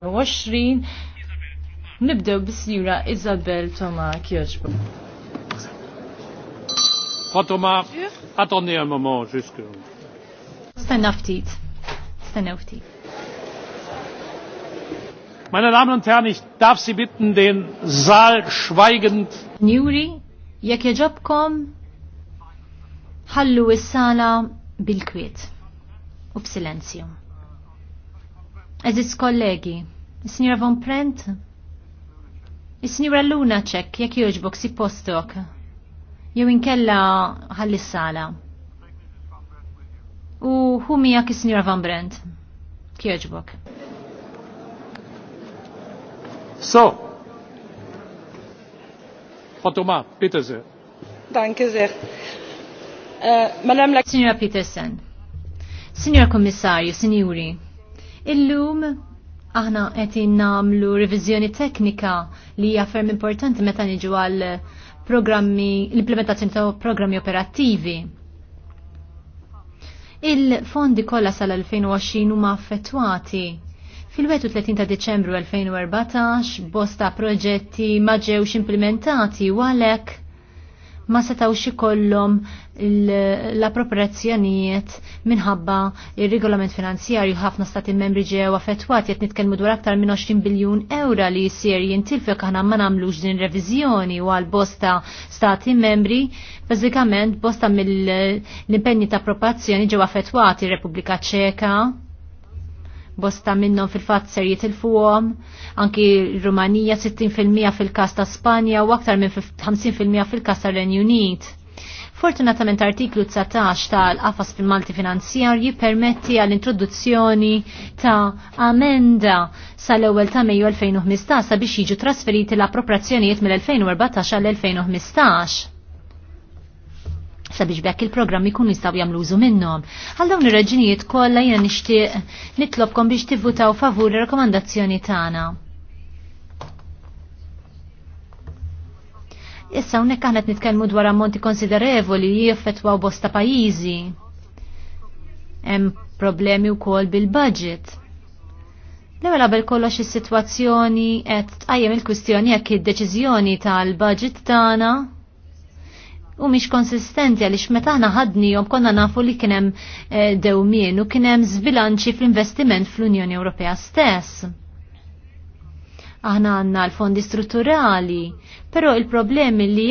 20 nibdew bis-sinjura Isabel Toma Kjoġbo. Fatoma, attendez un moment jusque. Stenna ftit. Stenna ftit. Meine Damen und Herren, ich darf Sie bitten, den Saal schweigend. Njuri, jekk jaġobkom, ħallu is-sala bil-kwiet u b'silenzju. Eżis kollegi, il-Sinjora Von Prent? Il-Sinjora Luna ċek, jek joġbok si postok. Jew inkella ħallis-sala. U humi jak is-Sinjora Van Brent? Kjoġbok. So, Fatoma, Peterse. Danke sehr. Uh, Madame la Signora Petersen, Signora Kommissarju, Signori, Illum aħna qed namlu riviżjoni teknika li hija ferm importanti meta niġu għal programmi l-implementazzjoni ta' programmi operattivi. Il-fondi kollha sal-2020 huma affettwati Fil-31 ta' Deċembru 2014 bosta proġetti ma ġewx implementati u għalhekk ma setawx ikollhom l-appropriazzjonijiet minħabba ir-regolament finanzjarju ħafna stati membri ġew affettwat qed nitkellmu dwar aktar minn 20 biljun ewra li jsir jintilfek aħna ma nagħmlux din reviżjoni u għal bosta stati membri bażikament bosta mill-impenni ta' appropriazzjoni ġew affettwati Repubblika Ċeka bosta minnhom fil-fatt ser jitilfuhom, anki Rumanija 60% fil-kas ta' Spanja u aktar minn 50% fil-kas ta' Renju Unit. Fortunatament artiklu 19 tal-qafas fil-Malti finanzjar jipermetti għall-introduzzjoni ta' amenda sal-ewwel ta' Mejju 2015 sabiex jiġu trasferiti l-appropriazzjonijiet mill-2014 għall-2015 sabiex bekk il-programm ikun jistaw jamlu użu minnhom. Għal dawn ir-raġunijiet kollha jien nixtieq nitlobkom biex tivvutaw favur ir-rakkomandazzjoni tagħna. Issa hawnhekk aħna qed nitkellmu dwar ammonti konsiderevoli li jiffettwaw bosta pajjiżi. Hemm problemi wkoll bil-budget. L-ewwel qabel kollox is-sitwazzjoni qed tqajjem il-kwistjoni jekk id-deċiżjoni tal-budget tagħna u mhix konsistenti għaliex meta aħna jom konna nafu li kien hemm eh, dewmien u kien hemm fl-investiment fl-Unjoni Ewropea stess. Aħna għandna l-fondi strutturali, però il-problemi li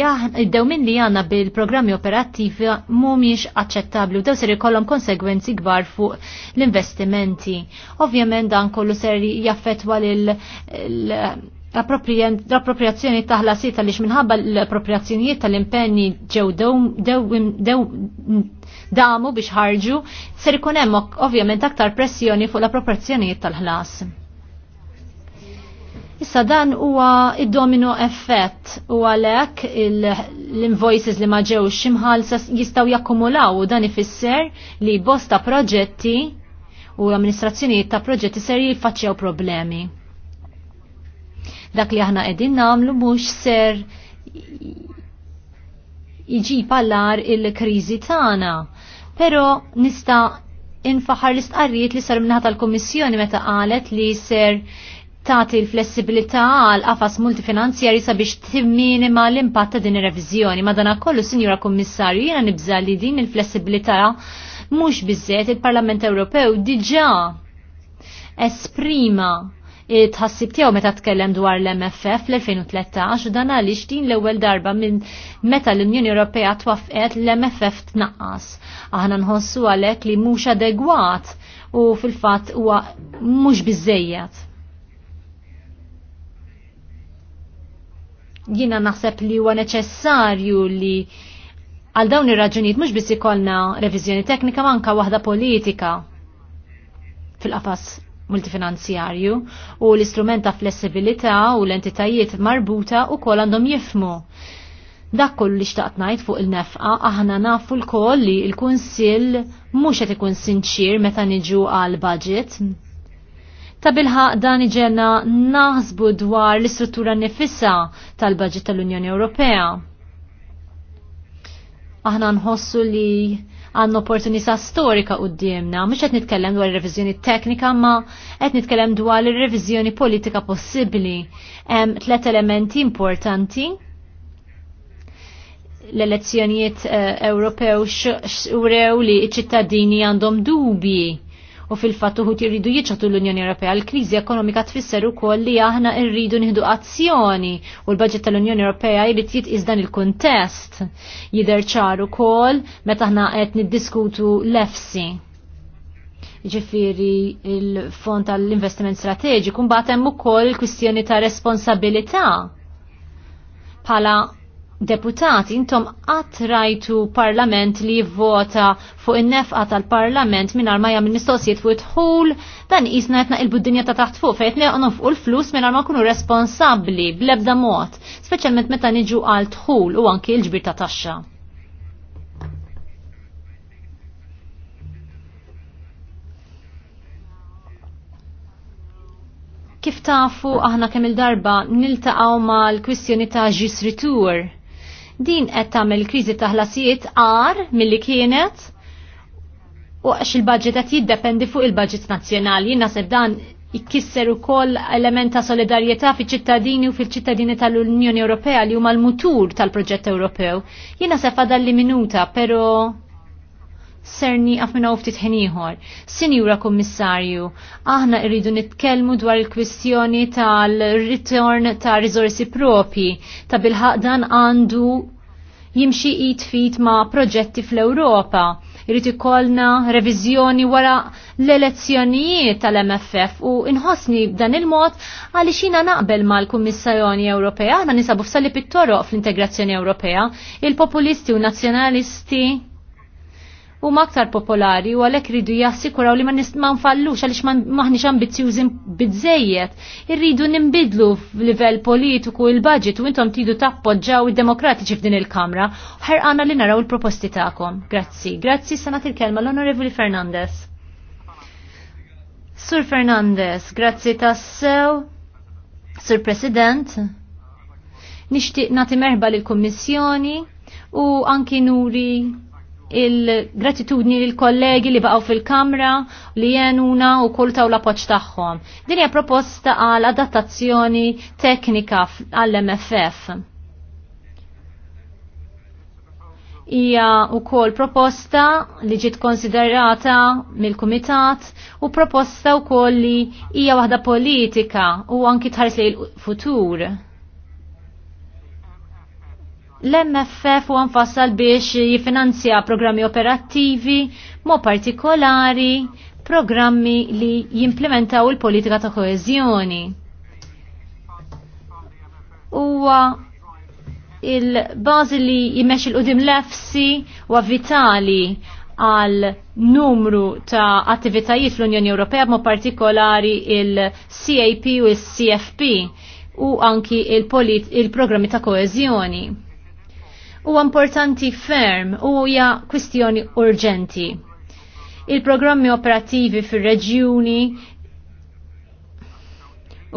id-dewmin li għandna bil-programmi operattivi mhumiex aċċettabbli u dew ser ikollhom konsegwenzi kbar fuq l-investimenti. Ovvjament dan kollu ser jaffettwa lil l-appropriazzjoni tal li minħabba l-appropriazzjonijiet tal-impenni ġew damu biex ħarġu, ser ikun hemm ovvjament aktar pressjoni fuq l-appropriazzjonijiet tal-ħlas. Issa dan huwa id-domino effett u għalhekk l-invoices li ma ġewx imħalsa jistgħu jakkumulaw u dan ifisser li bosta proġetti u amministrazzjonijiet ta' proġetti ser jiffaċċjaw problemi Dak li aħna qegħdin nagħmlu mhux ser iġib allar il-kriżi tagħna. Però nista' infaħar l-istqarrijiet li sar minnaħat tal-Kommissjoni meta qalet li ser tagħti l-flessibilità għal qafas multifinanzjari sabiex timminima l-impatt ta' din ir-reviżjoni. kollu, Sinjura Kommissarju, jiena nibża li din il-flessibilità mhux biżżejjed il-Parlament Ewropew diġà esprima tħassib tiegħu meta tkellem dwar l-MFF l-2013 dan għaliex din l-ewwel darba minn meta l-Unjoni Ewropea twaffqet l-MFF tnaqqas. Aħna nħossu għalhekk li mhux adegwat u fil-fatt huwa mhux biżejjed. Jiena naħseb li huwa neċessarju li għal dawn ir-raġunijiet mhux biss ikollna reviżjoni teknika manka waħda politika fil-qafas multifinanzjarju u l-istrument ta' flessibilità u l-entitajiet marbuta u kol għandhom jifmu. Dak kollu li xtaqt ngħid fuq il-nefqa aħna nafu l kol li l-Kunsill mhux qed ikun sinċir meta niġu għal budget. Ta' bilħa dan iġena naħsbu dwar l-istruttura nefissa tal-budget tal-Unjoni Ewropea. Aħna nħossu li għandna opportunità storika qudiemna, mhux qed nitkellem dwar ir revizjoni teknika ma qed nitkellem dwar ir-reviżjoni politika possibbli. Hemm tliet elementi importanti l-elezzjonijiet eh, Ewropew xurew li ċ-ċittadini għandhom dubji u fil-fatt uħut jiridu jiċatu l-Unjoni Ewropea. L-kriżi ekonomika tfisser ukoll li aħna rridu nieħdu azzjoni u l-budget tal-Unjoni Ewropea jrid jitqis dan il-kuntest jidher ċar ukoll meta aħna qed niddiskutu l-EFSI ġifiri il-fond tal-investiment strateġiku, mbagħad hemm ukoll kwistjoni ta' responsabilità bħala deputati intom qatt rajtu parlament li jivvota fuq in-nefqa tal-parlament mingħajr ma jagħmel nistoqsijiet fuq dħul dan qisna qed il-buddinja ta' taħt fuq fejn neqgħu u l flus mingħajr ma kunu responsabbli bl-ebda mod, speċjalment meta niġu għal dħul u anki l-ġbir ta' taxxa. Kif tafu aħna kemm il-darba niltaqgħu mal-kwistjoni ta' ġisritur Din qed tagħmel kriżi ta' ħlasijiet għar milli kienet u għax il-budget qed jiddependi fuq il-budget nazzjonali. Jien naħseb dan ikkisser ukoll element ta' solidarjetà fiċ-ċittadini u fil-ċittadini tal-Unjoni Ewropea li huma l-mutur tal-proġett Ewropew. Jiena għadha fadalli minuta, pero serni għafmina uftit ħeniħor. Sinjura Kommissarju, aħna irridu nitkelmu dwar il-kwistjoni tal-return ta' rizorsi propi, ta' bilħaq dan għandu jimxi it-fit ma' proġetti fl-Europa Irriti ikollna reviżjoni wara l-elezzjonijiet tal-MFF u inħosni b'dan il-mod għal xina naqbel mal-Kummissjoni Ewropea, aħna nisabu f'sali pittoroq fl-integrazzjoni Ewropea, il-populisti u nazzjonalisti u aktar popolari u għalhekk ridu jassikuraw li ma nfallux għaliex maħniex ambizjużi biżejjed. Irridu nimbidlu f'livell politiku il-budget u intom tidu tappoġġaw id-demokratiċi f'din il-Kamra u li naraw il-proposti tagħkom. Grazzi. Grazzi sanat il-kelma l-Onorevoli Fernandez. Sur Fernandez, grazzi tassew. Sur President, nixtieq nagħti merħba lill-Kummissjoni u anki nuri il-gratitudni l-kollegi li baqaw fil-kamra li jenuna u kull taw la poċ tagħhom. Din hija proposta għal adattazzjoni teknika għall-MFF. Hija wkoll proposta li ġiet konsiderata mill-Kumitat u proposta wkoll li hija waħda politika u anki tħares li l-futur L-MFF u għanfassal biex jifinanzja programmi operattivi, mo partikolari, programmi li jimplementaw il-politika ta' koezjoni. U il-bazi li jimmex il-qudim lefsi u vitali għal numru ta' attivitajiet fl-Unjoni Ewropea, mo partikolari il-CAP u il-CFP u anki il-programmi il ta' koezjoni huwa importanti ferm u hija kwistjoni urġenti. Il-programmi operattivi fir-reġjuni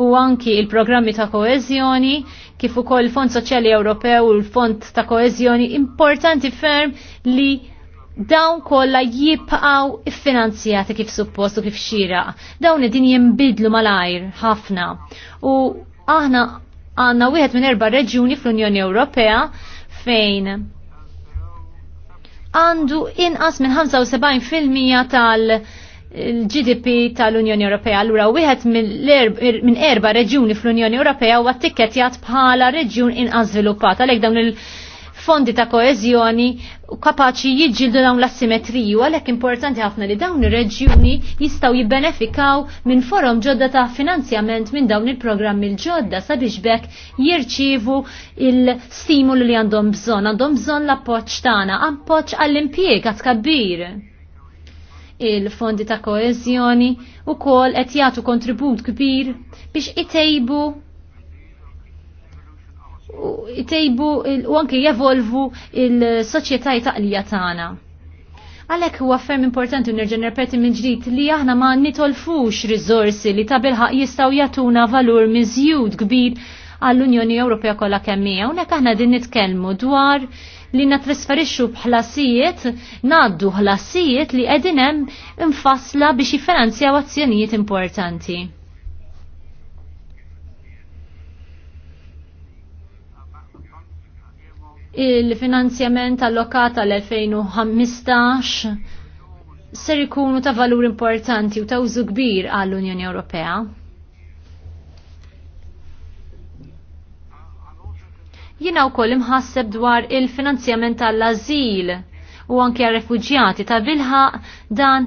u anki il-programmi ta' koezjoni, kif ukoll il-Fond Soċjali Ewropew u l-Fond ta' Koezjoni, importanti ferm li dawn kollha jibqgħu iffinanzjati kif suppost u kif xira. Dawn din jinbidlu malajr ħafna. U aħna għandna wieħed minn erba' reġjuni fl-Unjoni Ewropea fejn għandu inqas minn 75% tal- il-GDP eh, tal-Unjoni Ewropea. Allura wieħed er-, minn erba' reġjuni fl-Unjoni Ewropea huwa tikket bħala reġjun inqas żviluppat. Għalhekk dawn il- fondi ta' koezjoni kapaċi jiġġildu dawn l-assimetriju għalhekk importanti ħafna li dawn ir-reġjuni jistgħu jibbenefikaw minn forom ġodda ta' finanzjament minn dawn il-programmi l-ġodda sabiex bekk jirċievu il-stimulu li għandhom bżonn, għandhom bżonn l-appoġġ tagħna, appoġġ għall-impjieg għad kabbir il-fondi ta' koezjoni u kol qed jagħtu kontribut kbir biex itejbu jtejbu u anke jevolvu il-soċjetaj taqlija tagħna. Għalek huwa ferm importanti nerġa' nerpeti minn ġdid li aħna ma nitolfux riżorsi li ta' bilħaq jistgħu jagħtuna valur miżjud kbir għall-Unjoni Ewropea kollha kemm hija. Hawnhekk aħna din nitkellmu dwar li natrasferixxu bħlasijiet, ngħaddu ħlasijiet li qegħdin hemm infassla biex jiffinanzjaw azzjonijiet importanti. il-finanzjament allokat għal-2015 ser ikunu ta' valur importanti u ta' użu kbir għall-Unjoni Ewropea. Jina u koll imħasseb dwar il-finanzjament tal-azil u anke refugjati ta' bilħa dan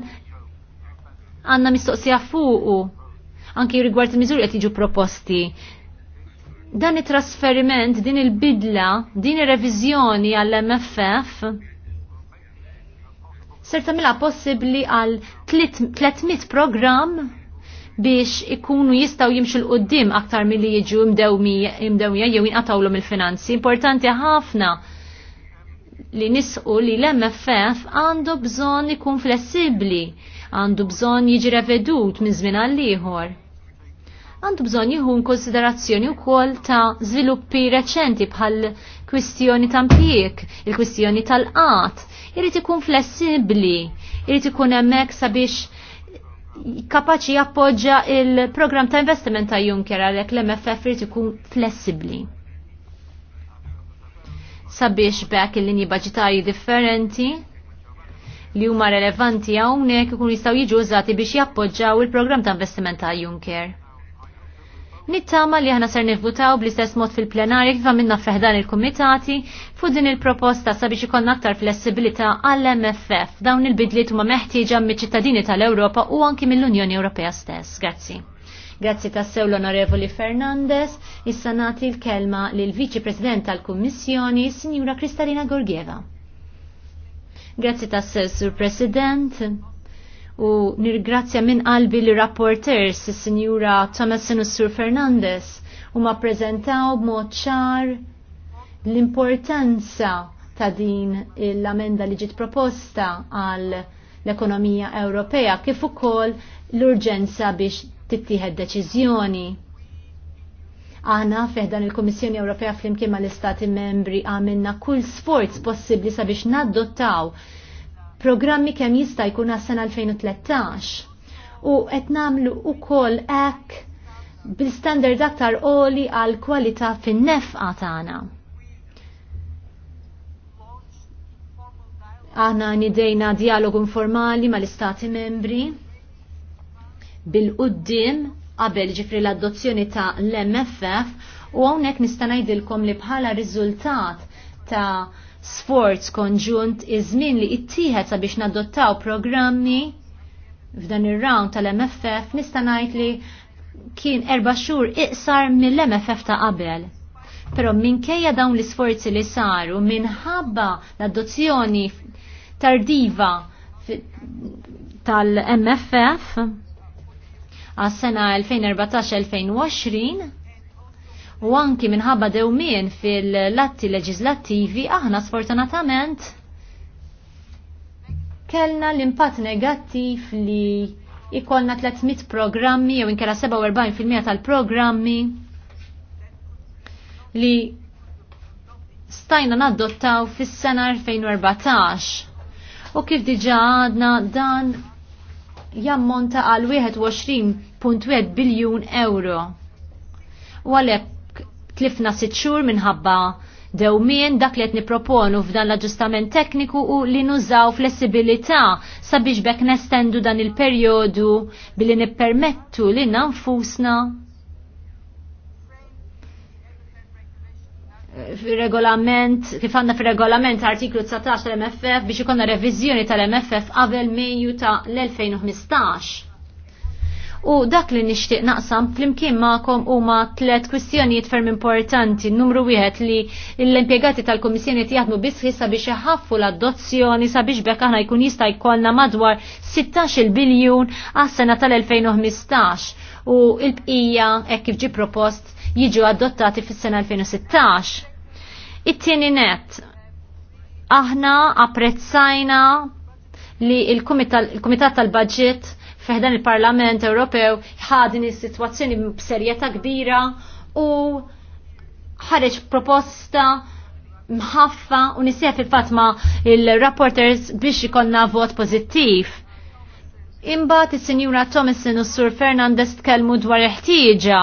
għanna mistoqsija fuqu anke rigward il-miżuri qed jiġu proposti dan it-trasferiment, din il-bidla, din ir-reviżjoni għall-MFF ser tagħmilha possibbli għal 300 programm biex ikunu jistaw jimxu l-qoddim aktar mill-li jiġu mdewmija jew inqatawlhom il-finanzi. Importanti ħafna li nisqu li l-MFF għandu bżon ikun flessibli, għandu bżon jiġi revedut minn żmien għal ieħor għandu bżonn jihun konsiderazzjoni wkoll ta' żviluppi reċenti bħal kwistjoni ta' mpijek, il-kwistjoni tal-qat, jirrit ikun flessibbli, jirrit ikun hemmhekk sabiex kapaċi jappoġġa il-programm ta' investiment ta' Juncker għalhekk l-MFF jirrit ikun flessibbli sabiex bekk il-linji budgetari differenti li huma relevanti hawnhekk ikun jistgħu jiġu użati biex jappoġġaw il-programm ta' investiment ta' Juncker. Nittama li aħna ser nivvutaw bl-istess mod fil plenari kif għamilna feħdan il-komitati fu din il-proposta sabiex ikon aktar flessibilità għall-MFF dawn il-bidliet huma meħtieġa mill-ċittadini tal-Ewropa u anki mill-Unjoni Ewropea stess. Grazzi. Grazzi tassew l-Onorevoli Fernandez, issa nagħti l-kelma lil viċi President tal-Kummissjoni, Sinjura Kristalina Gorgieva. Grazzi tassew, Sur President u nirgrazzja minn qalbi li rapporters is-Sinjura Thomasin u Sur Fernandez u ma prezentaw b'mod ċar l-importanza ta' din l-amenda li ġiet proposta għal l-ekonomija Ewropea kif ukoll l-urġenza biex tittieħed deċiżjoni. Aħna dan il-Komissjoni Ewropea flimkien mal istati membri għamilna kull sforz possibbli sabiex naddottaw programmi kemm jista' jkun għas-sena 2013 u qed nagħmlu wkoll hekk bil-standard aktar qoli għal kwalità fin-nefqa tagħna. Aħna nidejna dialogu informali mal-istati membri bil qudiem qabel ġifri l-adozzjoni ta' l-MFF u hawnhekk nista' ngħidilkom li bħala riżultat ta' sforz konġunt iż-żmien li ittieħed sabiex nadottaw programmi f'dan ir-round tal-MFF nista' ngħid li kien erba' xhur iqsar mill-MFF ta' qabel. Però minkejja dawn l-isforzi li saru minħabba l-adozzjoni tardiva tal-MFF għas-sena 2014-2020 u anki minħabba dewmien fil-latti leġislattivi aħna sfortunatament kellna l-impatt negattiv li ikolna 300 programmi jew inkella 47% tal-programmi li stajna naddottaw fis-sena 2014. U kif diġa għadna dan jammonta għal 21.1 biljun euro. U għalek tlifna sitt xhur minħabba dewmien dak li qed niproponu f'dan l-aġġustament tekniku u li nużaw flessibilità sabiex bekk nestendu dan il-perjodu billi nippermettu li nanfusna regolament kif għandna fir-regolament artiklu 19 tal-MFF biex ikonna reviżjoni tal-MFF qabel Mejju ta' l-2015 u dak li nixtieq naqsam flimkien u huma tliet kwistjonijiet ferm importanti. Numru wieħed li l-impjegati tal-Kummissjoni qed jaħdmu bisħi sabiex iħaffu l-adozzjoni sabiex bekk aħna jkun jista' jkollna madwar 16 biljun għas-sena tal-2015 u l-bqija hekk kif ġi propost jiġu adottati fis-sena 2016. It-tieni net, aħna apprezzajna li il-Kumitat tal-Budget feħdan il-Parlament Ewropew ħadin is-sitwazzjoni b'serjetà kbira u ħareġ proposta mħaffa u nisija il fatt ma' il-rapporters biex ikonna vot pozittiv. Imbagħad is-Sinjura Thomason u s-Sur Fernandez tkellmu dwar ħtieġa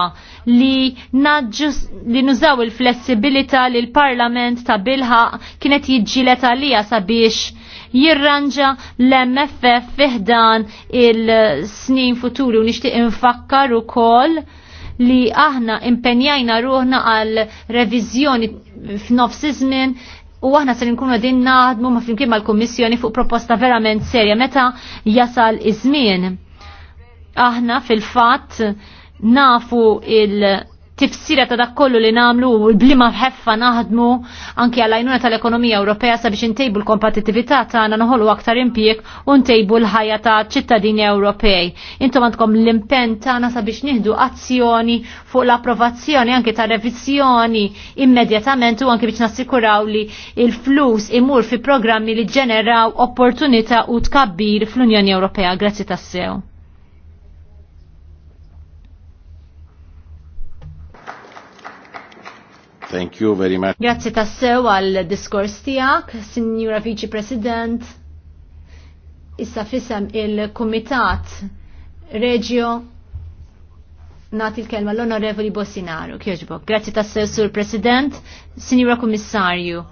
li naġġus li nużaw il-flessibilità li l-Parlament ta' bilħa kienet jiġġilet għalija sabiex jirranġa l-MFF fiħdan il-snin futuri u nixtieq infakkar ukoll li aħna impenjajna ruħna għal reviżjoni f'nofs iż-żmien u aħna se nkunu qegħdin naħdmu ma' flimkien mal-Kummissjoni fuq proposta verament serja meta jasal iż-żmien. Aħna fil-fatt nafu il- tifsira ta' dak kollu li namlu u blima ħeffa naħdmu anki għal-għajnuna tal-ekonomija Ewropea sabiex intejbu l-kompetitività tagħna nħollu aktar impiek u ntejbu l-ħajja ta' ċittadini Ewropej. Intom għandkom l-impenn tagħna sabiex nieħdu azzjoni fuq l-approvazzjoni anki ta' revizjoni immedjatament u anki biex nassikuraw li il-flus imur fi programmi li ġeneraw opportunità u tkabbir fl-Unjoni Ewropea. Grazzi tassew. Thank you very much. Grazzi tassew għal diskors tijak, Signora Vice President. Issa fissem il-Komitat Regio nati l-kelma l-Onorevoli Bossinaro, kjoġbok. Grazie tassew sur President, Signora Kommissarju.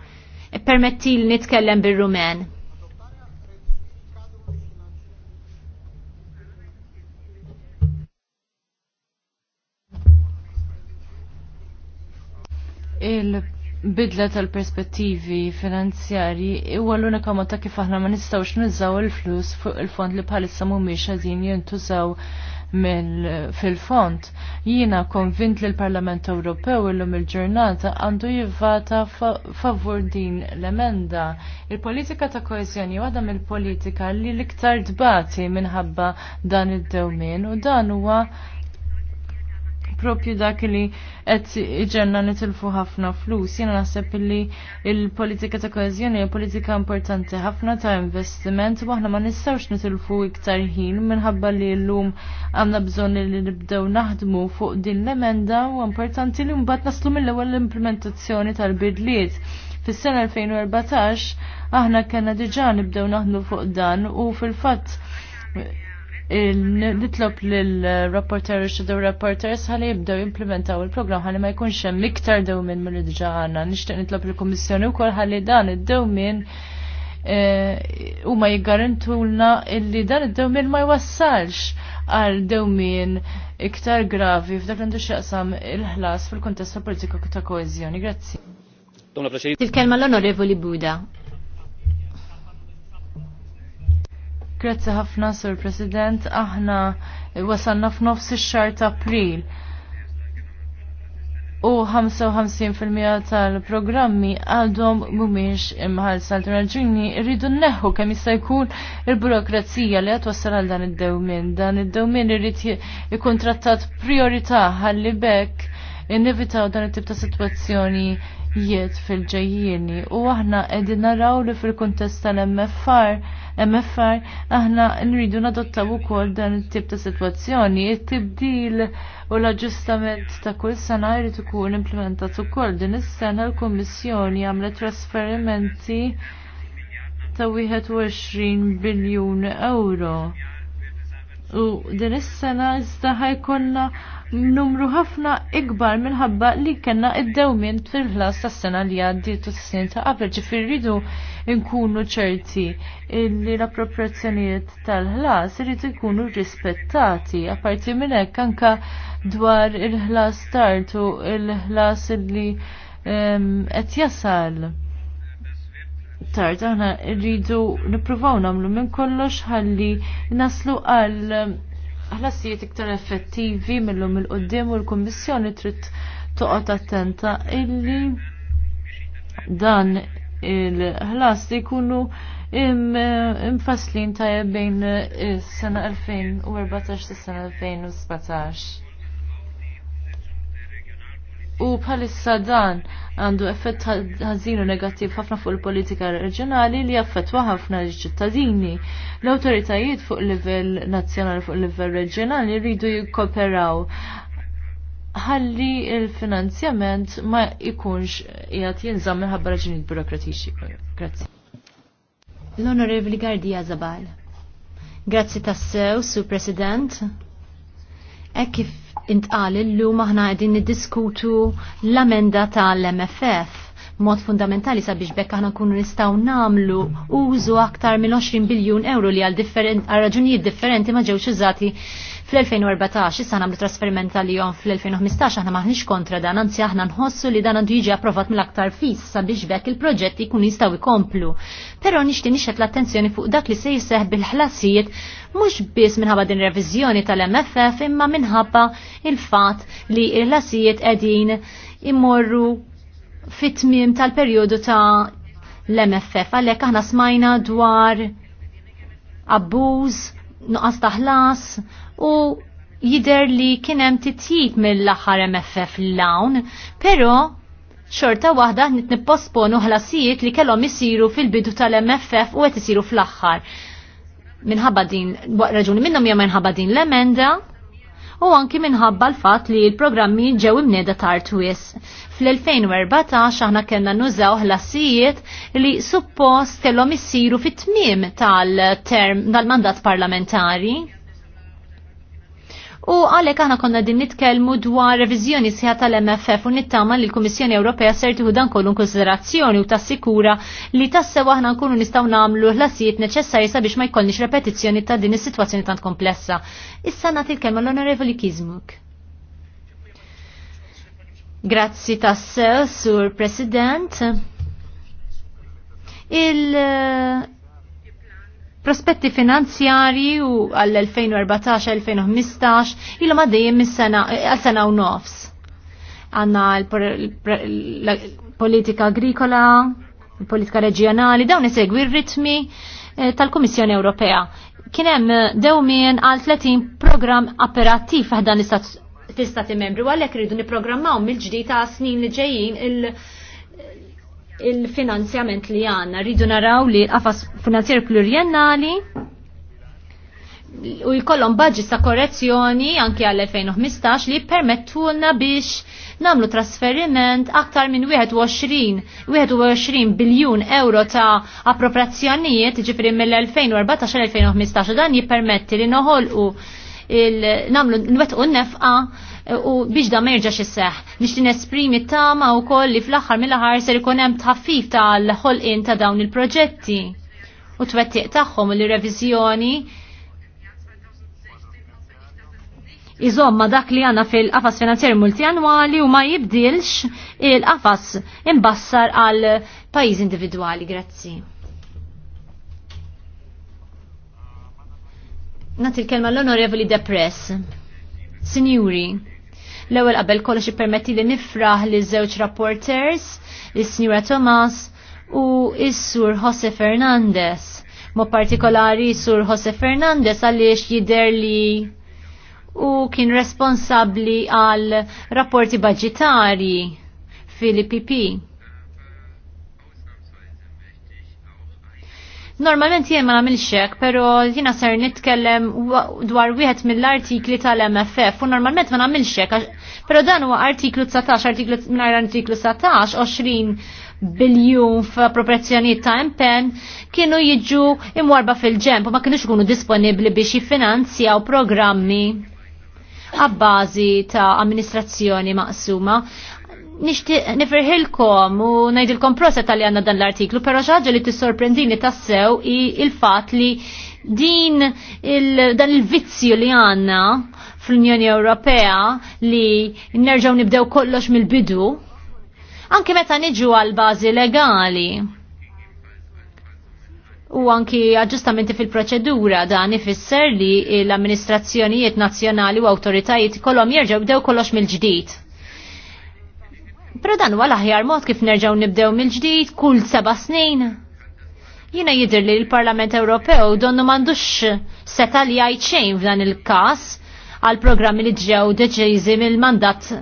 E permetti l-nitkellem bil-Rumen. bidla tal-perspettivi finanzjarji huwa l-unika mod ta' kif aħna ma nistgħux nużaw il-flus fuq il-fond li bħalissa mhumiex għażin jintużaw fil-font. Jiena konvint li l-Parlament Ewropew illum il-ġurnata għandu jivvata favur din l-emenda. Il-politika ta' koezjoni għadha mill-politika li l-iktar dbati minħabba dan id-dewmin u dan huwa propju dak li qed iġenna nitilfu ħafna flus. Jiena naħseb li il-politika ta' koeżjoni hija politika importanti ħafna ta' investiment u aħna ma nistgħux nitilfu iktar ħin minħabba li llum għandna bżonn li nibdew naħdmu fuq din l-emenda u importanti li mbagħad naslu mill-ewwel l-implementazzjoni tal-bidliet. Fis-sena 2014 aħna kellna diġà nibdew naħdmu fuq dan u fil-fatt nitlob l-rapporter u rapporter, rapporters ħalli jibdew implementaw il-programm ħalli ma jkunx hemm iktar dewmin mill diġà għandna. Nixtieq nitlob l-Komissjoni kummissjoni wkoll ħalli dan id-dewmin eh, u ma jiggarantulna illi dan id-dewmin ma jwassalx għal dewmin iktar gravi f'dak l-għandu xaqsam il-ħlas fil-kontest politika ta' koezjoni. Grazzi. il l-onorevoli Buda. Grazzi ħafna, Sur President. Aħna wasalna f'nofs ix-xar ta' April. U 55% tal-programmi għadhom mhumiex imħalsa raġuni rridu nneħħu kemm jista' jkun il-burokrazija li qed wassal għal dan id-dewmin. Dan id-dewmin irid ikun trattat priorità ħalli bekk innevitaw dan it-tip ta' sitwazzjoni jiet fil-ġejjieni u aħna qegħdin naraw li fil-kuntest tal-MFR MFR aħna nridu nadottaw ukoll dan it-tip ta' sitwazzjoni, it-tibdil u l-aġġustament ta' kull sena jrid ikun implementat ukoll. Din is-sena l-Kummissjoni għamlet trasferimenti ta' 21 biljun euro u din is-sena iżda ħajkonna numru ħafna ikbar minħabba li kena id-dewmin fil-ħlas tas sena li għaddiet u s ta' qabel ġifir rridu nkunu ċerti li l-appropriazzjonijiet tal-ħlas rridu jkunu rispettati. Apparti minn hekk anka dwar il-ħlas tartu il-ħlas li ehm, qed jasal tard, aħna rridu nippruvaw nagħmlu minn kollox ħalli naslu għal um, ħlasijiet iktar effettivi millum il-qoddim u l-Kummissjoni trid toqgħod attenta illi dan il-ħlas li jkunu imfaslin tajjeb bejn is-sena 2014 sa sena 2017. U bħalissa dan għandu effett ħażinu negattiv ħafna fuq il-politika reġjonali li jaffettwa ħafna l-ċittadini. L-awtoritajiet fuq livell nazzjonali fuq livell reġjonali rridu jikkoperaw ħalli il-finanzjament ma jkunx jgħat jinżam minħabba raġunijiet burokratiċi. Grazzi. L-Onorevoli Gardija Zabal. Grazzi tassew, Sur President. Ekif kif intqal illum aħna qegħdin niddiskutu l-amenda tal-MFF mod fundamentali sabiex bekk aħna nkunu nistgħu nagħmlu użu aktar minn 20 biljun euro li għal raġunijiet differenti ma ġewx użati fl-2014 issa nagħmlu trasferiment tal-jom fl-2015 aħna maħniex kontra dan, anzi aħna nħossu li dan għandu jiġi approvat mill-aktar fis sabiex bekk il-proġetti jkun jistgħu jkomplu. Però nixti nixħed l-attenzjoni fuq dak li se jseħħ bil-ħlasijiet mhux biss minħabba din reviżjoni tal-MFF imma minħabba il-fatt li l-ħlasijiet qegħdin immorru fit-tmiem tal-perjodu ta' l-MFF għalhekk aħna smajna dwar abbuż nuqqas taħlas u jider li kienem titjib mill aħħar MFF l-lawn, pero xorta waħda nit nipposponu ħlasijiet li kellhom isiru fil-bidu tal-MFF u qed isiru fl-aħħar. Minħabba din raġuni minnhom hija minħabba din l-emenda u anki minħabba l-fat li l-programmi ġew imneda tartwis. Fl-2014 aħna kellna nużaw ħlasijiet li suppost kellhom issiru fit-tmiem tal-mandat parlamentari U għalek aħna konna din nitkellmu dwar revizjoni sħiħa tal-MFF u nittama li l-Kummissjoni Ewropea serti u dan kollu konsiderazzjoni u tassikura li tassew aħna nkunu nistgħu nagħmlu ħlasijiet neċessarji sabiex ma jkollniex repetizzjoni ta' din is-sitwazzjoni tant komplessa. Issa nagħti l-kelma l-Onorevoli Kizmuk. Grazzi tasse, Sur President. Il prospetti finanzjari u għall-2014-2015 il dejjem għal-sena u nofs. Għanna l-politika agrikola, l-politika reġjonali, dawn isegwi r-ritmi eh, tal-Komissjoni Ewropea. Kien hemm eh, dewmien għal 30 programm operattiv f'dan l-istati membri u għalhekk rridu niprogrammaw mill-ġdid ta' snin li ġejjin il- il-finanzjament li għanna. Rridu naraw li għafas finanzjer pluriennali u jkollhom budget ta' korrezzjoni anki għal-2015 li permettuna biex namlu trasferiment aktar minn 21 21 biljun euro ta' appropriazzjonijiet ġifri mill-2014-2015 dan jippermetti li noħolqu namlu nwetqu n-nefqa eh, u biex da merġax biex Nix nesprimi tama u koll li fl-axar mill-axar ser ikun hemm tħaffif tal-ħolqin ta' dawn il-proġetti u twettiq tagħhom li reviżjoni iżomma dak li għanna fil-qafas finanzjeri multianwali u ma jibdilx il-qafas imbassar għal pajiz individuali. Grazzi. Nati l-kelma l-onorevoli depress. Signori, l-ewel qabel kollox permetti li nifraħ li żewġ rapporters, is-Sinjura Thomas u is-Sur Jose Fernandez. Mo partikolari Sur Jose Fernandez għaliex jider li u kien responsabli għal rapporti budgetari fil-PP Normalment jien ma nagħmel xek, però jiena ser nitkellem dwar wieħed mill-artikli tal-MFF u normalment ma nagħmilx hekk, però dan huwa artiklu 19, artiklu mingħajr artiklu 19, 20 biljun f'proprezzjonijiet ta' impenn kienu jiġu imwarba fil-ġemp u ma kienux ikunu disponibbli biex jiffinanzjaw programmi għabbażi ta' amministrazzjoni maqsuma nishtiq nifirħilkom u najdilkom prosa tal għanna dan l-artiklu, pero xaġa li t-sorprendini tassew il-fat li din il, dan il-vizzju li għanna fl-Unjoni Ewropea li nerġaw nibdew kollox mill-bidu, anke meta niġu għal bażi legali. U anki aġġustamenti fil-proċedura dan ifisser li l-amministrazzjonijiet nazzjonali u awtoritajiet kolom jerġgħu bdew kollox mill-ġdid Pero dan huwa l-aħjar mod kif nerġgħu nibdew mill-ġdid kull seba' snin. Jiena jidher li l-Parlament Ewropew donnu m'għandux seta' li jgħid xejn f'dan il-każ għal programmi li ġew deċiżi mill-mandat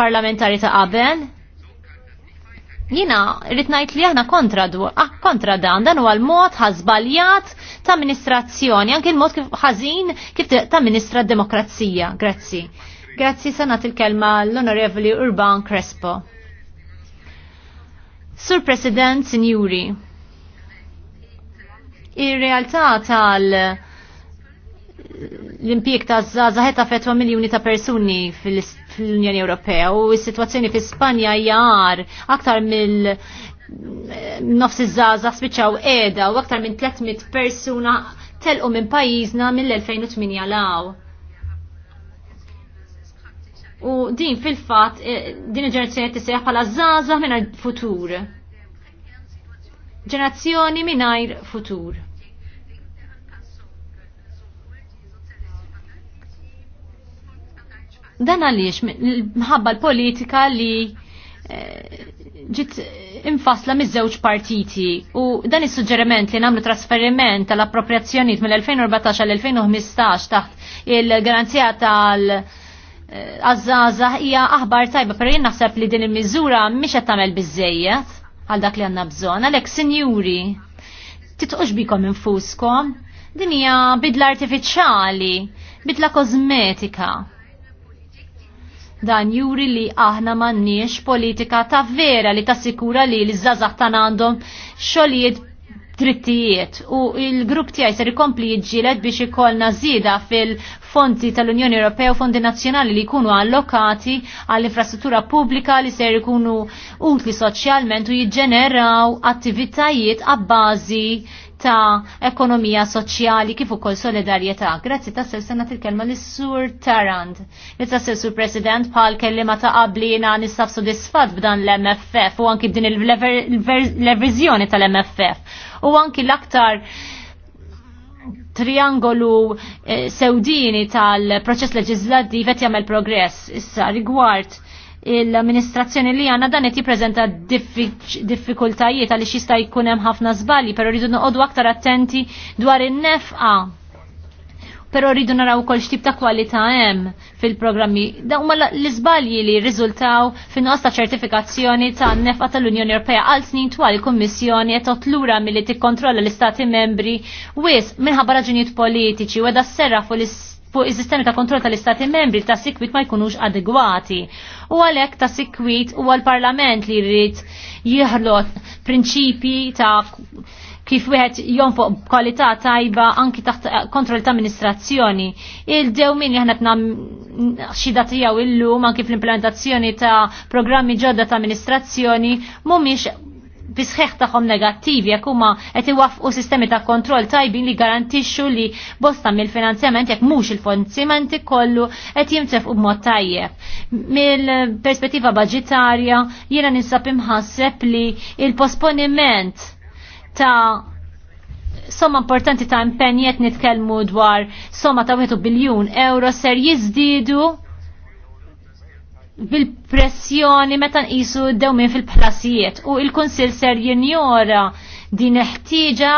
parlamentari ta' qabel. Jiena rrid ngħid li aħna kontra ah, kontra dan dan huwa l-mod ħażbaljat ta' amministrazzjoni, anke l-mod kif ħażin kif ta' ministra d-demokrazija. Grazzi. Grazzi sanat il-kelma l-Onorevoli Urban Crespo. Sur President, Sinjuri, ir-realtà tal l-impjeg ta' zaza ta' fetwa miljoni ta' persuni fil-Unjoni Ewropea u s-situazzjoni fi Spanja jgħar aktar mill nofs iż-żaza spiċċaw qiegħda u aktar minn 300 persuna telqu minn pajjiżna mill-2008 law. U din fil-fat, eh, din il-ġenerazzjoni tisseħ bħala zaza minna futur. Ġenerazzjoni minn futur. Dan għaliex, mħabba l-politika li eh, ġit infasla miż-żewġ partiti u dan is suġġeriment li namlu trasferiment tal-appropriazzjoniet mill-2014 għal 2015 taħt il-garanzija tal- għazzaza hija aħbar tajba, per jien naħseb li din il-miżura mhix qed tagħmel biżejjed għal dak li għandna bżonn. Għalhekk sinjuri, titqux bikom infuskom, din hija bidla artifiċjali, bidla kozmetika. Dan juri li aħna m'għandniex politika ta' vera li ta sikura li l-żazax tan għandhom xogħlijiet Trittijiet u il-grupp tiegħi ser ikompli jiġġieled biex ikolna zida fil-fondi tal-Unjoni Ewropea u fondi nazzjonali li jkunu allokati għall-infrastruttura pubblika li ser ikunu utli soċjalment u jiġġeneraw attivitajiet għabbażi ta' ekonomija soċjali kif ukoll solidarjetà. Grazzi ta' sew sena tilkelma lis sur Tarand. Nista' sew sur President pal kellima ta' qablina nistaf sodisfat b'dan l-MFF u anki b'din il-verżjoni tal-MFF. U anki l-aktar triangolu eh, sewdini tal-proċess leġislattiv qed jagħmel progress issa rigward l-amministrazzjoni li għanna dan qed jippreżenta diffikultajiet għaliex jista' jkun hemm ħafna żbalji, però rridu noqogħdu aktar attenti dwar in-nefqa. Però rridu naraw ukoll x'tip ta' kwalità hemm fil-programmi. Da huma l-iżbalji li rizultaw fin-nuqqas ta' ċertifikazzjoni ta' nefqa tal-Unjoni Ewropea għal snin twal il-Kummissjoni qed li milli tikkontrolla l-Istati membri wis minħabba raġunijiet politiċi u edha serra fu l fuq is-sistemi ta' kontroll tal-Istati membri ta' sikwit ma jkunux adegwati. U għalhekk ta' sikwit u għal-Parlament li jrid jieħloq prinċipji ta' kif wieħed jonfoq kwalità tajba anki taħt kontroll ta' amministrazzjoni. il dew li jahna tna xida tiegħu illum anki fl-implementazzjoni ta' programmi ġodda ta' amministrazzjoni mhumiex bisħeħ tagħhom negattivi jekk huma qed iwaffqu sistemi ta' kontroll tajbin li garantixxu li bosta mill-finanzjament jekk mhux il-finanzjament ikollu qed jimtef u b'mod tajjeb. Mill-perspettiva budġetarja jiena ninsab imħasseb li il-posponiment ta' somma importanti ta' impenjiet nitkellmu dwar somma ta' 1 biljun euro ser jizdidu bil-pressjoni meta nqisu dewmin fil-plasijiet u il-Kunsil ser jinjora din ħtieġa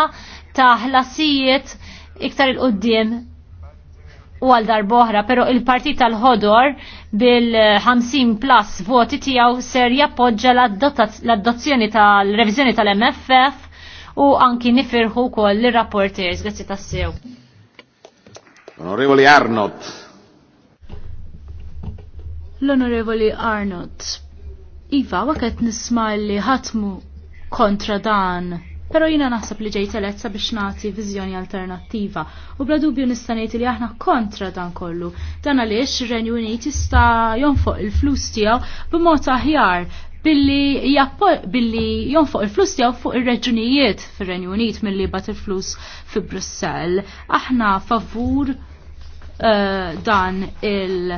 ta' ħlasijiet iktar il-qoddim u għal darboħra, pero il-partit tal-ħodor bil-50 plus voti tijaw ser jappoġġa l addozzjoni tal-revizjoni tal-MFF u anki nifirħu kol l-rapporters. Grazzi tassew. Onorevoli Arnott. L-Onorevoli Arnott. Iva, waket nisma li ħatmu kontra dan. Pero jina naħseb li ġejt elezza biex nagħti viżjoni alternattiva u bla dubju nista' ngħid li aħna kontra dan kollu. Dan għaliex ir-Renju Unit jista' jonfoq il-flus tiegħu b'mod aħjar billi, billi jonfoq il-flus tiegħu fuq ir-reġunijiet fir-Renju Unit milli bat il-flus fi Brussell. Aħna favur uh, dan il-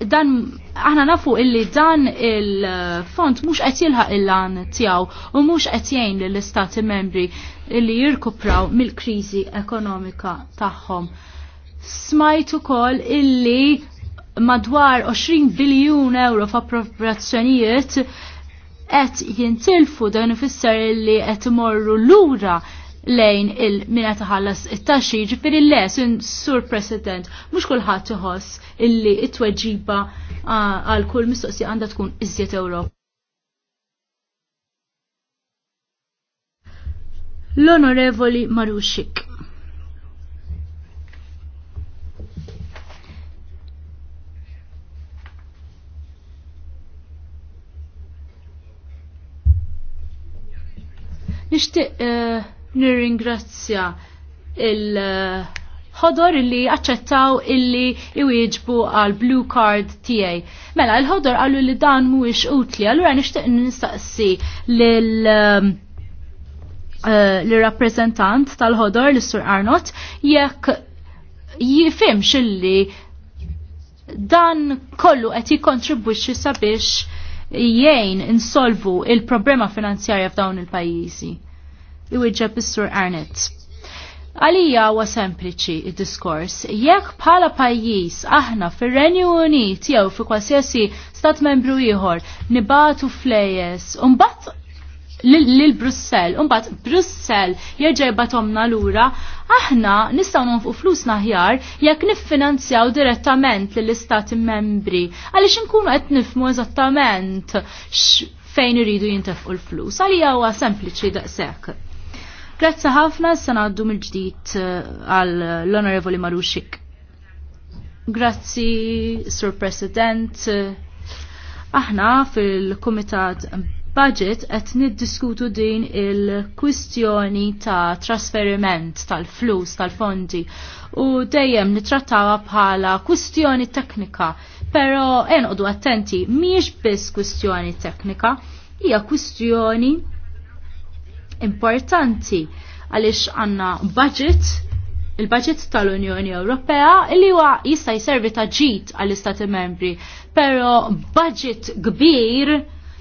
dan aħna nafu illi dan il-font mhux qed jilħaq il-lan tiegħu u mhux qed jgħin lill-istati membri illi jirkupraw mill-kriżi ekonomika tagħhom. Smajt ukoll illi madwar 20 biljun euro f'appropriazzjonijiet qed jintilfu dan ifisser illi qed imorru lura lejn il-mina taħallas it-taxxi ġifiri le, sur president, mux kullħat iħoss illi it-tweġiba għal kull mistoqsija għandha tkun iżjed Ewropa. L-Onorevoli Maruxik. Nishtiq uh, eh, nirringrazzja il-ħodor illi aċċettaw illi iwieġbu għal blue card tiegħi. Mela il-ħodor qalu li dan mhuwiex utli, allura nixtieq nistaqsi lil um, uh, l-rappresentant tal-ħodor l-Sur Arnott jekk jifimx illi dan kollu qed jikkontribwixxi sabiex jgħin insolvu il-problema finanzjarja f'dawn il-pajjiżi iwieġeb is-Sur Arnett. Għalija huwa sempliċi id-diskors. Jekk bħala pajjiż aħna fir-Renju Unit jew fi kwasjesi stat membru ieħor nibatu flejes, u mbagħad lil Brussel, unbat Brussel jerġa' tomna lura, aħna nistaw nonfuq flus naħjar jekk niffinanzjaw direttament lill-istati membri. Għaliex nkunu qed nifmu eżattament fejn iridu jintefqu l-flus. Għalija huwa sempliċi daqshekk. Grazzi ħafna sena għaddu mill-ġdid eh, għal l-Onorevoli Maruxik. Grazzi, Sur President. Aħna fil-Komitat Budget qed niddiskutu din il-kwistjoni ta' trasferiment tal-flus tal-fondi u dejjem nitrattawa bħala kwistjoni teknika, però enqodu attenti mhijiex biss kwistjoni teknika, hija kwistjoni importanti għaliex għanna budget il-budget tal-Unjoni Ewropea illi huwa jista' jservi ta' ġid għall-Istati Membri, però budget kbir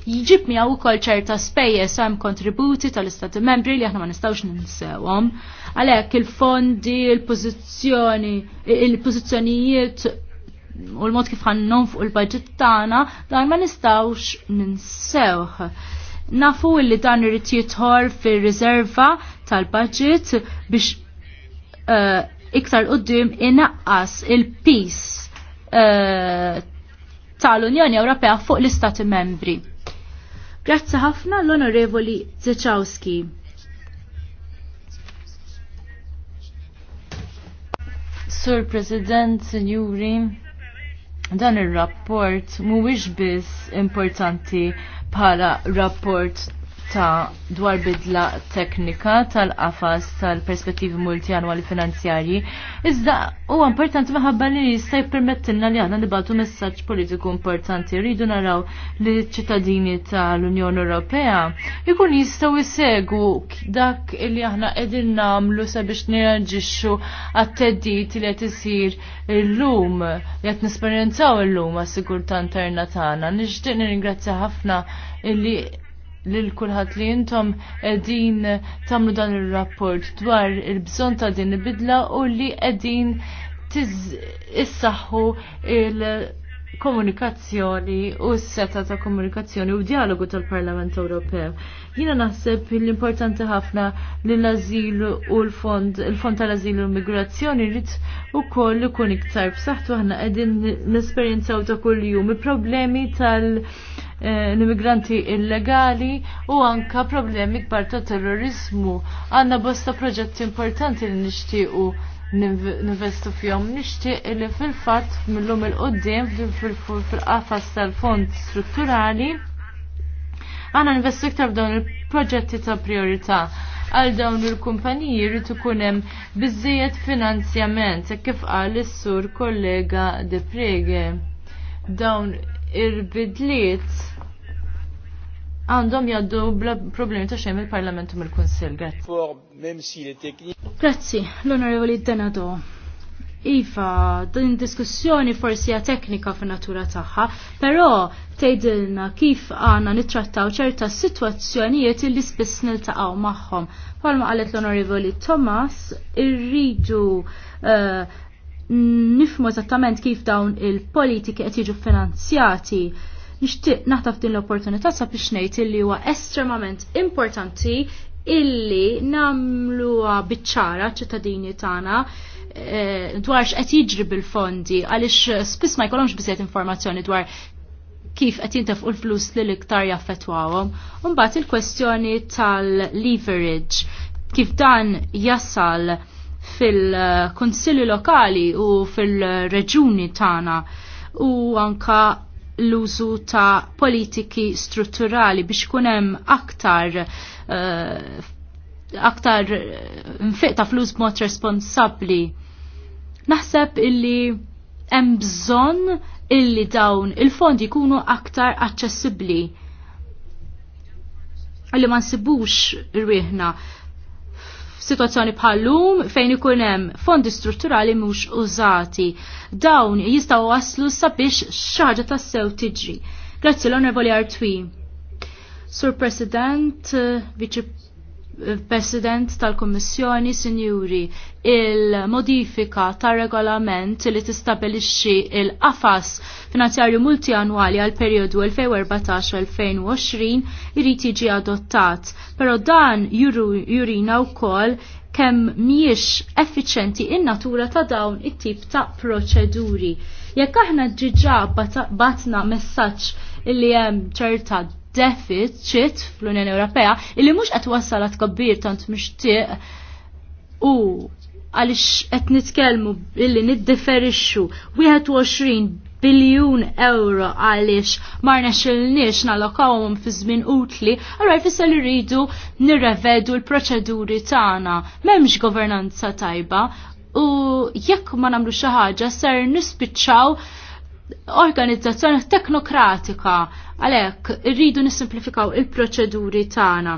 jġib miegħu wkoll ċerta spejjeż hemm kontributi tal-Istati Membri li aħna ma nistgħux ninsewhom. Għalhekk il-fondi, il-pożizzjoni, il-pożizzjonijiet u l-mod kif ħannon fuq il-budget tagħna dan ma nistawx ninsewh Nafu li dan irrit jitħor fir-riserva tal-budget biex uh, iktar qoddim inaqqas il-pis uh, eh, tal-Unjoni Ewropea fuq l-Istati membri. Grazzi ħafna l-Onorevoli Zeċawski. Sur President, Signori, dan il-rapport mhuwiex biss importanti bħala rapport ta' dwar bidla teknika tal-qafas tal-perspettivi multianwali finanzjarji, iżda u importanti maħabba li jista' permettilna li aħna nibatu messaġġ politiku importanti. Rridu naraw li ċittadini tal-Unjoni Ewropea jkun jistgħu jsegu dak li aħna qegħdin nagħmlu sabiex nirraġixxu għat-teddit li qed isir illum li qed nesperjenzaw illum għas-sigurtà interna tagħna. Nixtieq nirringrazzja ħafna li lil kulħadd li intom qegħdin tagħmlu dan ir-rapport dwar il-bżonn ta' din il-bidla u li qegħdin issaħħu il- komunikazzjoni u s-seta ta' komunikazzjoni u dialogu tal-Parlament Ewropew. Jina naħseb l-importanti ħafna li l-azil u l-fond, il-fond tal-azil u l-migrazzjoni rrit u koll ikun iktar b'saħħtu ħna qegħdin nesperjenzaw ta' kuljum il-problemi tal- Eh, l-immigranti illegali u anka problemi kbar ta' terrorizmu. Għanna bosta proġetti importanti li nixtiequ ninvestu fjom nixtieq li fil-fatt millum il-qoddim fil-qafas tal-fond strutturali għana investu iktar b'dawn il-proġetti ta' priorità għal dawn il-kumpaniji rrid ikun hemm finanzjament kif qal is-sur kollega De Prege dawn il-bidliet għandhom jaddu bla problemi ta' xejn il-Parlament u mill-Kunsill. Grazzi. Grazzi, l-Onorevoli Denado. Iva, din diskussjoni forsi hija teknika fin-natura tagħha, però tgħidilna kif għandna nittrattaw ċerta sitwazzjonijiet li spiss niltaqgħu magħhom. Palma qalet l-Onorevoli Thomas, irridu uh, nifmu eżattament kif dawn il-politiki qed jiġu finanzjati. Nixtieq naħtaf din l-opportunità sabiex ngħid illi huwa estremament importanti illi nagħmluha biċċara ċittadini tagħna eh, dwar x'qed jiġri bil-fondi għaliex spiss ma jkollhomx biżejjed informazzjoni dwar kif qed jintefqu l-flus li l-iktar jaffettwawhom. Imbagħad il-kwestjoni tal-leverage kif dan jasal fil-konsilli lokali u fil-reġuni tana u anka l-użu ta' politiki strutturali biex kunem aktar uh, aktar nfiq ta' flus mod responsabli. Naħseb illi hemm bżonn illi dawn il-fondi jkunu aktar aċċessibbli. Illi ma nsibux rieħna situazzjoni bħallum fejn ikun hemm fondi strutturali mhux użati. Dawn jistgħu waslu sabiex xi ħaġa tassew tiġri. Grazzi l-Onorevoli Artwi. Sur President, Vice President tal-Kommissjoni Sinjuri il-modifika tar regolament li tistabilixxi il-qafas finanzjarju multianwali għal periodu 2014-2020 irid jiġi adottat, però dan jurina wkoll kemm mhijiex effiċenti in-natura ta' dawn it-tip ta' proċeduri. Jekk aħna ġiġa batna messaġġ li hemm ċerta deficit fl-Unjoni Ewropea illi mhux qed wassal għat kabbir tant mixtieq u għaliex qed nitkellmu billi niddiferixxu 21 biljun euro għaliex ma rnexxilniex nalokawhom fi żmien utli, allura jfisser li rridu nirrevedu l-proċeduri tagħna. M'hemmx governanza tajba u jekk ma nagħmlu xi ħaġa ser nispiċċaw organizzazzjoni teknokratika għalhekk irridu nissimplifikaw il-proċeduri tagħna.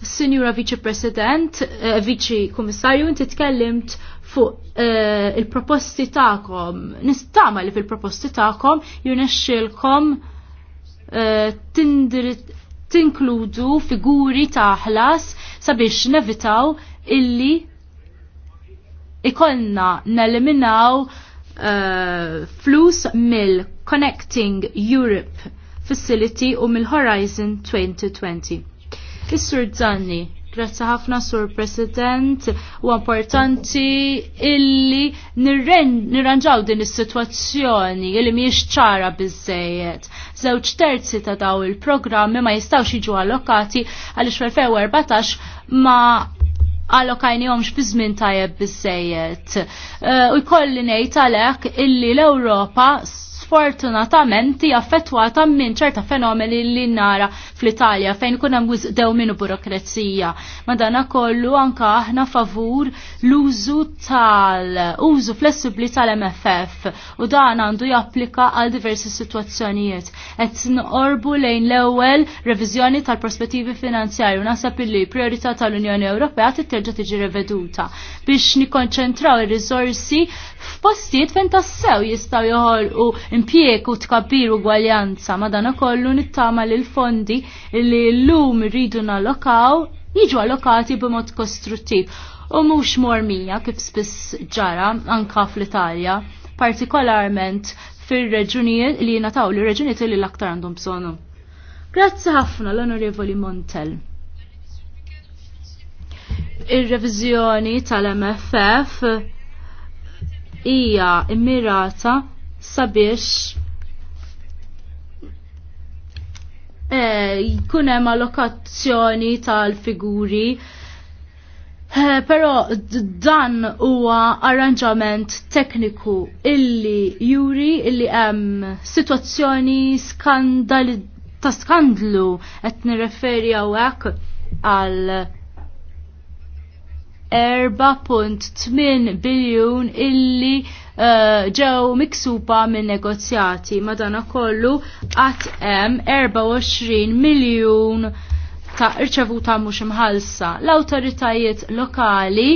Sinjura Viċi President, eh, Vice Kummissarju, inti tkellimt fuq uh, il-proposti ta'kom, nistama li fil-proposti ta'kom jirnexxilkom uh, eh, tinkludu figuri taħlas sabiex nevitaw illi ikolna neliminaw uh, flus mill-Connecting Europe Facility u mill-Horizon 2020. Is-Sur Zanni, Grazzi ħafna Sur President u importanti illi nirranġaw din is-sitwazzjoni illi mhijiex ċara biżejjed. Żewġ terzi ta' daw il-programmi ma jistgħux jiġu allokati għaliex fil-2014 ma allokajnijomx għomx żmien tajjeb biżejjed. Uh, u jkolli ngħid għalhekk illi l-Ewropa sfortunatament hija affettwata minn ċerta fenomeni li nara fl-Italja fejn kun hemm dew minn burokrazija. Madana kollu anka aħna favur l-użu tal-użu flessibbli tal-MFF u dan għandu japplika għal diversi situazzjonijiet. Qed orbu lejn l-ewwel reviżjoni tal-prospettivi u naħseb illi priorità tal-Unjoni Ewropea titterġa' tiġi reveduta biex nikkonċentraw ir-riżorsi f'postijiet fejn tassew jistgħu joħolqu impjegu tkabbir ugwaljanza ma dan kollu nittama li l-fondi li l-lum rridu nallokaw jiġu allokati b'mod kostruttiv u mhux mormija kif spiss ġara anka fl-Italja partikolarment fir-reġunijiet li nataw li reġunijiet li l-aktar għandhom bżonu. Grazzi ħafna l-Onorevoli Montel ir-reviżjoni tal-MFF hija immirata sabiex eh, jkun e, hemm allokazzjoni tal-figuri. E, però dan huwa arranġament tekniku illi juri illi hemm situazzjoni skandali ta' skandlu qed nirreferi hawnhekk għal 4.8 biljun illi Eh, ġew miksuba minn negozjati. Madana kollu għat hemm 24 miljun ta' irċevuta mhux imħalsa. L-awtoritajiet lokali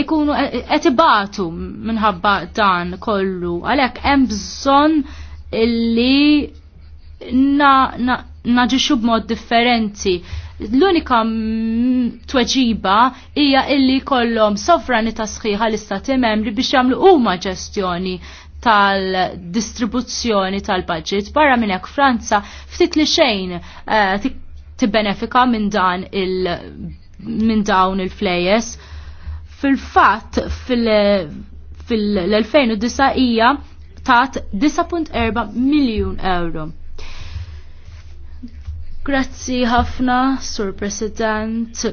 ikunu eh, qed ibatu minħabba dan kollu. Għalhekk hemm bżonn illi naġixxu na, na b'mod differenti L-unika tweġiba hija illi kollhom ta' sħiħa l-istati membri biex jagħmlu huma ġestjoni tal-distribuzzjoni tal-budget barra minn hekk Franza ftit li xejn eh, tibbenefika minn dan il minn dawn il-flejes. Fil-fatt fil-2009 hija tat 9.4 miljun euro Grazzi ħafna, Sur President.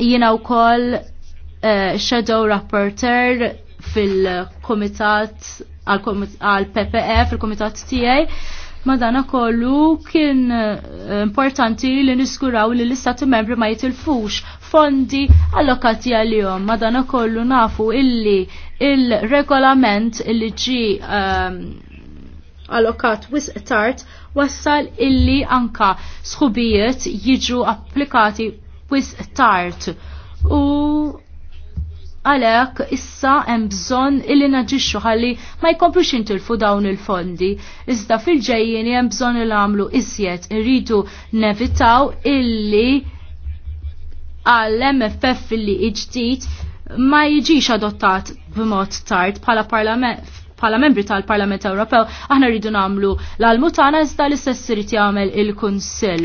Jiena wkoll uh, Shadow Rapporteur fil-Komitat għal ppf e, fil-Komitat tiegħi. Madana kollu kien eh, importanti li niskuraw li l-istati membri ma jitilfux fondi allokati għal-jom. Madana kollu nafu illi il-regolament illi ġi um, allokat wisq tard wassal illi anka sħubijiet jiġu applikati wisq tard u għalek issa hemm bżonn illi naġixxu ħalli ma jkomplux intilfu dawn il-fondi. Iżda fil-ġejjien hemm bżonn il għamlu iżjed irridu nevitaw illi għall-MFF illi ġdid ma jiġix adottat b'mod tard bħala parlament bħala membri tal-Parlament Ewropew aħna rridu nagħmlu l-almu tagħna iżda l-istess irid jagħmel il-Kunsill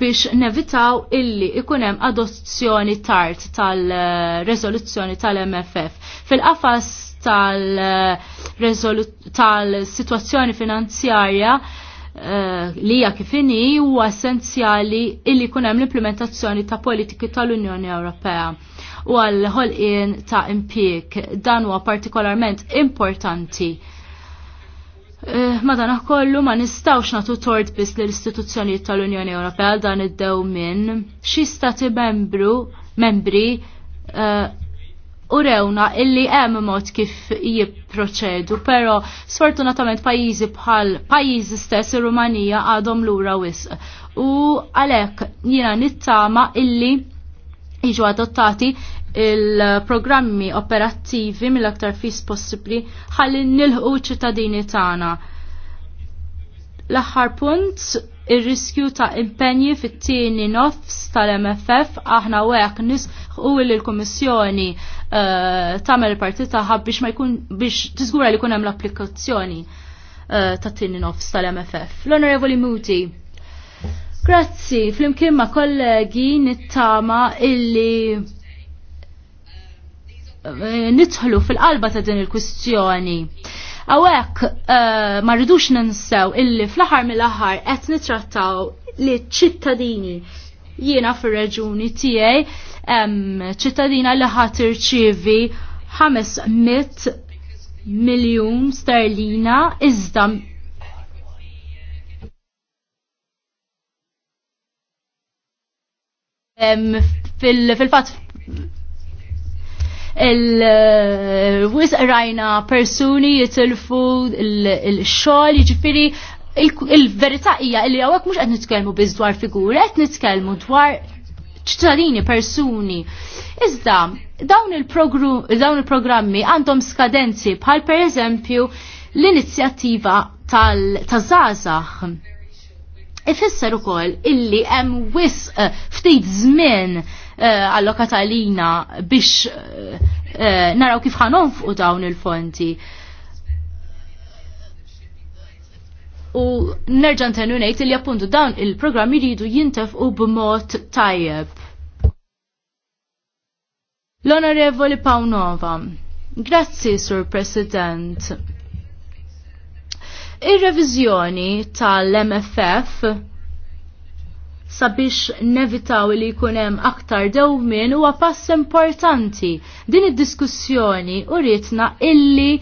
biex nevitaw illi ikunem adozzjoni tard tal-rezoluzzjoni tal-MFF. Fil-qafas tal-situazzjoni tal finanzjarja uh, li hija kif inhi huwa essenzjali illi jkun hemm l-implementazzjoni ta' politiki tal-Unjoni Ewropea u għal ħolqien ta' impjieg. Dan huwa partikolarment importanti. Eh, Madana kollu ma nistawx natu tort biss l-istituzzjonijiet tal-Unjoni Ewropea dan id-dew minn xi stati membru membri urewna eh, u rewna illi hemm mod kif jipproċedu, però sfortunatament pajjiżi bħal pajjiżi stess ir-Rumanija għadhom lura wisq. U għalhekk jiena nittama illi jiġu adottati il-programmi operattivi mill-aktar fis possibbli ħalli nilħu ċittadini tagħna. L-aħħar punt ir-riskju ta' impenji fit-tieni nofs tal-MFF aħna wek nisħu l kummissjoni tagħmel eh, tagħmel parti tagħha biex ma jkun biex tiżgura li jkun hemm l-applikazzjoni eh, tat ta' tieni nofs tal-MFF. L-Onorevoli Muti. Grazzi, flimkien ma kollegi nittama illi eh, nitħlu fil-qalba ta' din il-kwistjoni. Awek, uh, ma rridux ninsew illi fl-aħħar mill-aħħar qed nitrattaw li ċittadini jiena fir-reġuni tiegħi ċittadina li ħadd irċievi 500 miljun sterlina iżda fil-fat il-wis uh, rajna persuni jitilfu il-xol jġifiri il-verità hija li għawak mux għed nitkelmu biz dwar figura, għed nitkelmu dwar ċittadini, persuni. Iżda, dawn il-programmi għandhom skadenzi bħal per eżempju l-inizjattiva tal-Zazax ifisser ukoll illi hemm wis eh, ftit żmien eh, allokatalina biex eh, naraw kif fuq dawn il-fonti. U nerġan tenu ngħid li appuntu dawn il-programmi jridu jintefqu b'mod tajjeb. L-Onorevoli Pawnova. Grazzi, Sur President ir revizjoni tal-MFF sabiex nevitaw li kunem aktar dewmin huwa pass importanti. Din id-diskussjoni u ritna illi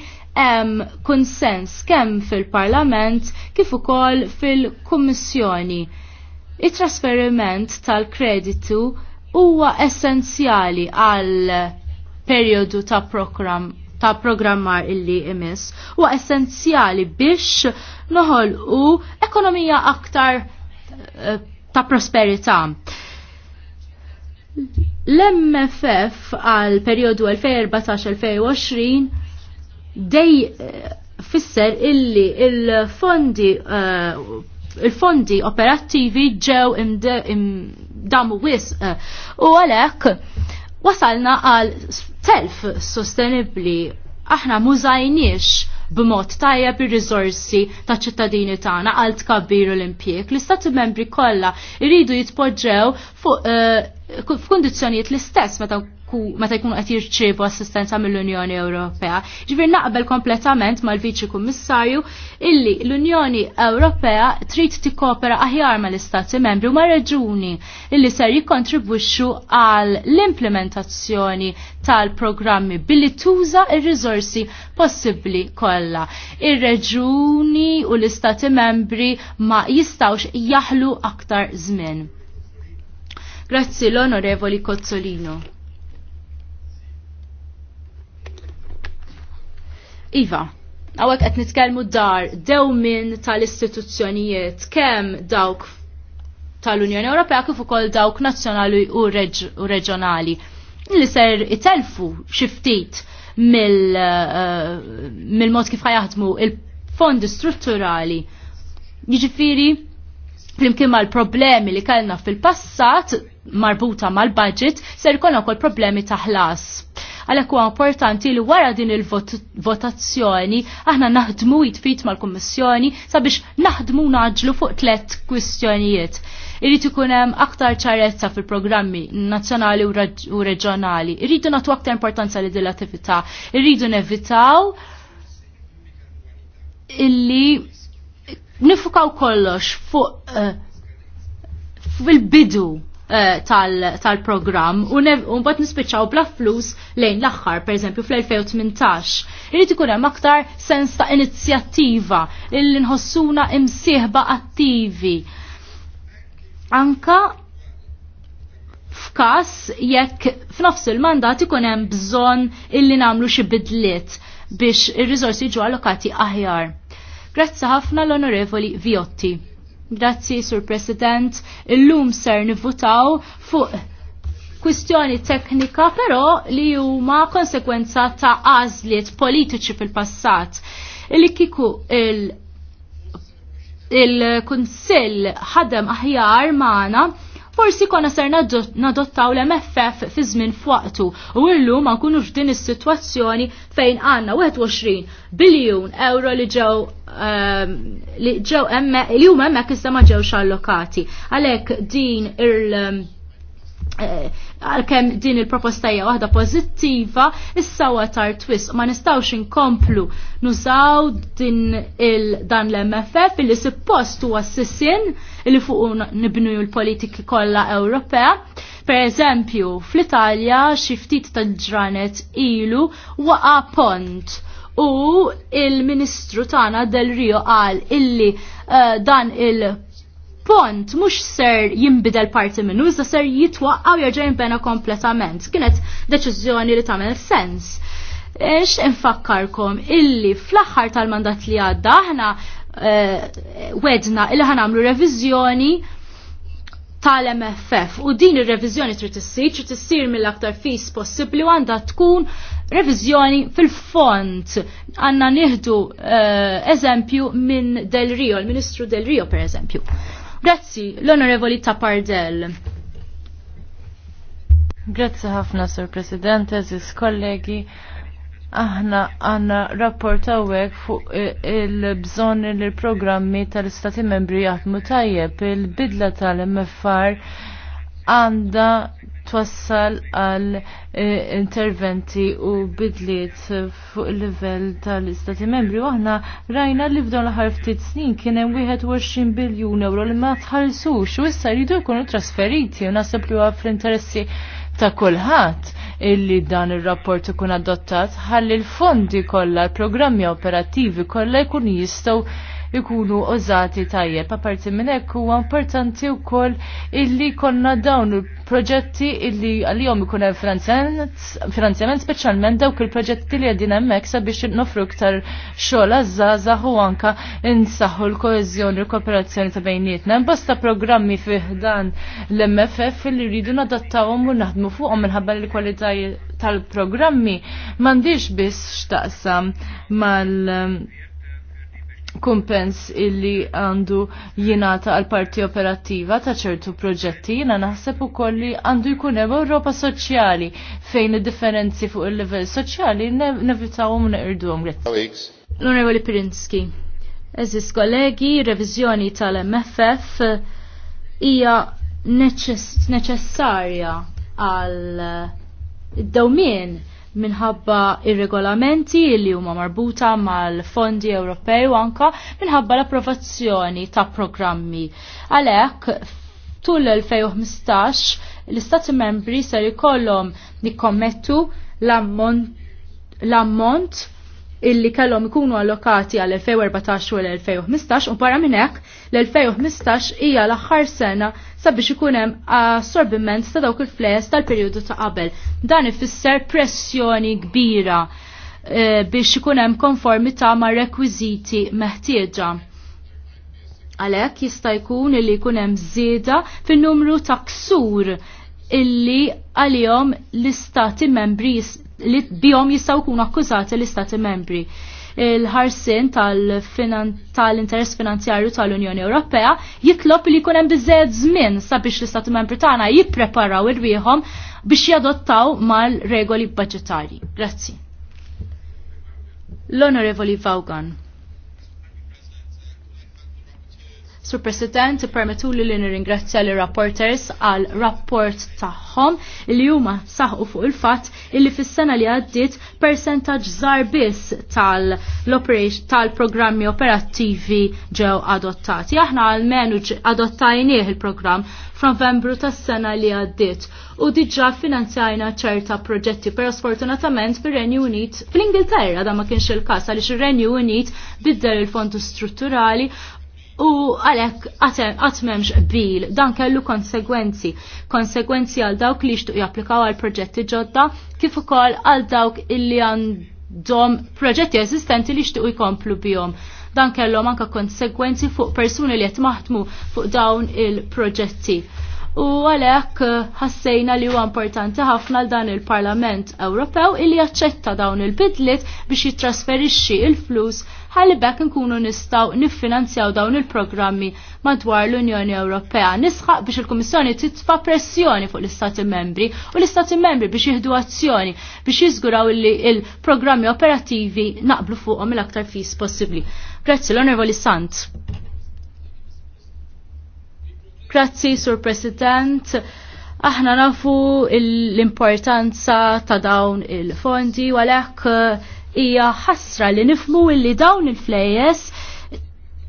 hemm konsens kemm fil-Parlament kif ukoll fil-Kummissjoni. Il-trasferiment tal-kreditu huwa essenzjali għal periodu ta' program ta' programma illi imis u essenzjali biex noħol u ekonomija aktar eh, ta' prosperita. L-MFF għal periodu 2014-2020 dej eh, fisser illi il-fondi eh, il-fondi operattivi ġew im damu wis u għalek wasalna għal self sustainably aħna mużajniex b'mod tajjeb ir-riżorsi ta' ċittadini tagħna għal tkabbir l impjieg L-istati membri kollha jridu jitpoġġew fuq eh, f'kundizzjonijiet l-istess meta meta jkunu qed jirċievu assistenza mill-Unjoni Ewropea. Ġifier naqbel kompletament mal-Viċi Kummissarju illi l-Unjoni Ewropea trid tikkopera aħjar mal-Istati Membri u mar-Reġuni illi ser jikkontribwixxu għal l-implementazzjoni tal-programmi billi tuża ir-riżorsi possibbli kollha. Ir-Reġuni u l-Istati Membri ma jistawx jaħlu aktar żmien. Grazzi l-Onorevoli Cozzolino. Iva, għawek qed nitkellmu dar dew minn tal-istituzzjonijiet kemm dawk tal-Unjoni Ewropea kif ukoll dawk nazzjonali u, u reġjonali li ser itelfu xiftit mill-mod uh, eh, mil kif ħajaħdmu il-fondi strutturali. Jiġifieri flimkien mal problemi li kellna fil-passat marbuta mal-budget ser jkollna wkoll problemi ta' ħlas. Għalhekk huwa importanti li wara din il-votazzjoni aħna naħdmu jitfit mal-Kummissjoni sabiex naħdmu naġlu fuq tliet kwistjonijiet. Irrid ikun hemm aktar ċarezza fil-programmi nazzjonali u reġjonali. Irridu nagħtu aktar importanza li din l-attività. Irridu nevitaw illi nifukaw kollox fuq uh, fil-bidu Eh, tal-program u mbagħad nispiċċaw bla flus lejn l-aħħar, pereżempju fl-2018. Irid ikun hemm aktar sens ta' inizjattiva li nħossuna imsieħba attivi. Anka f'każ jekk f'nofs il-mandat ikun hemm bżonn illi nagħmlu xi bidliet biex ir-riżorsi jiġu allokati aħjar. Grazzi ħafna l-Onorevoli Viotti. Grazzi, Sur President. Illum ser nivvutaw fuq kwistjoni teknika, però li huma konsekwenza ta' għażliet politiċi fil-passat. Illi kiku il- il-Kunsill ħadem aħjar maħna forsi konna ser nadottaw l-MFF fi żmien fwaqtu u illu ma kunu din is-sitwazzjoni fejn għandna 21 biljun euro li ġew um, li ġew li huma hemmhekk issa ma ġewx allokati. Għalhekk din il- Eh, għalkemm din il-proposta hija waħda pożittiva, issa huwa tar twist ma nistgħux inkomplu nużaw din il dan l-MFF illi suppost huwa sissin illi fuq nibnu l-politiki kollha Ewropea. Per eżempju, fl-Italja xi ftit tal-ġranet ilu waqa pont u il-Ministru tagħna Del Rio qal illi uh, dan il- pont mhux ser jimbidel parti minnu, iżda ser jitwaqqaw jerġa' jinbena kompletament. Kienet deċiżjoni li tagħmel sens. Ix infakkarkom illi fl-aħħar tal-mandat li għadda aħna uh, wedna illi ħanamlu revizjoni tal-MFF u din ir revizjoni trid issir, trid issir mill-aktar fis possibbli u għandha tkun reviżjoni fil-font. Għanna nieħdu eh, eżempju minn Del Rio, il-Ministru Del Rio per eżempju. Grazzi, l-Onorevoli Tapardel. Grazzi ħafna, Sur President, eżis kollegi. Aħna għanna rapport għawek fuq il-bżon il-programmi tal-Stati membri jaħdmu tajjeb il-bidla tal-MFR għanda twassal għal eh, interventi u bidliet fuq il-livell tal-istati membri. U aħna rajna li f'dan l-ħar ftit snin kien hemm 21 biljun euro li ma tħallsux u issa jridu jkunu trasferiti u naħseb li huwa fl-interessi ta' kulħadd illi dan ir-rapport ikun adottat ħalli l-fondi kollha l-programmi operattivi kollha jkunu jistgħu ikunu użati tajjeb. Aparti minn hekk huwa importanti wkoll illi konna dawn il-proġetti illi għalihom ikun hemm finanzjament speċjalment dawk il-proġetti li għedin hemmhekk sabiex nofru iktar xogħol għażażaħ u anka insaħħu l-koeżjoni u l-kooperazzjoni ta' bejnietna. Bosta programmi fih dan l-MFF li rridu nadattawhom u naħdmu fuqhom minħabba l-kwalità tal-programmi m'għandix biss x'taqsam mal- kumpens illi għandu jinata għal parti operattiva ta' ċertu proġetti, jina naħseb u kolli għandu jkun hemm Ewropa soċjali fejn id-differenzi fuq il-livell soċjali nevitawhom neqirdhom. L-Onorevoli Pirinski, eżis kollegi, reviżjoni tal-MFF hija neċessarja għal dawmien minħabba ir-regolamenti li huma marbuta mal-fondi Ewropew anka minħabba l-approvazzjoni ta' programmi. Għalhekk tul l-2015 l-Istati membri ser ikollhom nikkommettu l-ammont illi kellhom ikunu allokati għal 2014 u l-2015 u barra minn hekk l-2015 hija l-aħħar sena sabiex ikun hemm assorbiment ta' dawk il-fles tal-perjodu ta' qabel. Dan ifisser pressjoni kbira eh, biex ikun hemm konformità ma' rekwiżiti meħtieġa. Għalhekk jista' jkun li jkun hemm żieda fin-numru ta' ksur illi għalihom l-istati membri li bihom jistgħu jkunu akkużati l-istati membri il-ħarsin tal-interess finanzjarju tal-Unjoni Ewropea jitlob li jkun hemm zmin żmien sabiex l istatu Membri tagħna jippreparaw irwieħhom biex jadottaw mal-regoli budġetarji. Grazzi. L-Onorevoli Vaughan. Sur President, permetu li li nirringrazzja li rapporters għal rapport taħħom li huma saħu fuq il-fat illi fis-sena li għaddit percentage zarbis biss tal-programmi tal operattivi ġew adottati. Aħna għall-menu adottajnieh il-programm f'Novembru tas-sena li għaddit u diġà finanzjajna ċerta proġetti, però sfortunatament fir-Renju Unit, fl-Ingilterra da ma kienx il-każ għaliex ir-Renju Unit biddel il-fondu strutturali U għalek għatmemx bil, dan kellu konsegwenzi, konsegwenzi għal dawk li jishtuq japplikaw għal proġetti ġodda, kif ukoll għal dawk illi għandhom proġetti eżistenti li jishtuq jkomplu bihom. Dan kellhom manka konsegwenzi fuq persuni li qed maħdmu fuq dawn il-proġetti u għalhekk eh, ħassejna li huwa importanti ħafna l dan il-Parlament Ewropew illi jaċċetta dawn il bidlit biex jitrasferixxi il-flus ħalli bekk nkunu nistgħu niffinanzjaw dawn il-programmi madwar l-Unjoni Ewropea. Nisħaq biex il-Kummissjoni titfa' pressjoni fuq l-Istati Membri u l-Istati Membri biex jieħdu azzjoni biex jiżguraw li il-programmi operattivi naqblu fuqhom il-aktar fis possibbli. Grazzi l-Onorevoli Sant. Grazzi, Sur President. Aħna nafu l-importanza ta' dawn il-fondi u għalhekk eh, hija ħasra li nifmu li dawn il-flejes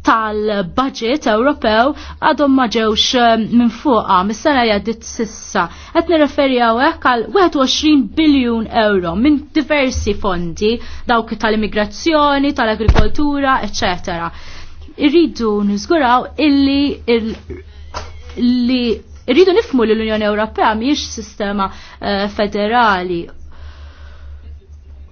tal-budget Ewropew għadhom ma ġewx eh, minn fuqa mis-sena jgħaddit sissa. Qed nirreferi hawnhekk għal 21 biljun euro minn diversi fondi dawk tal-immigrazzjoni, tal-agrikoltura, eċetera. Irridu niżguraw illi il li rridu nifmu li l-Unjoni Ewropea mhijiex sistema eh, federali.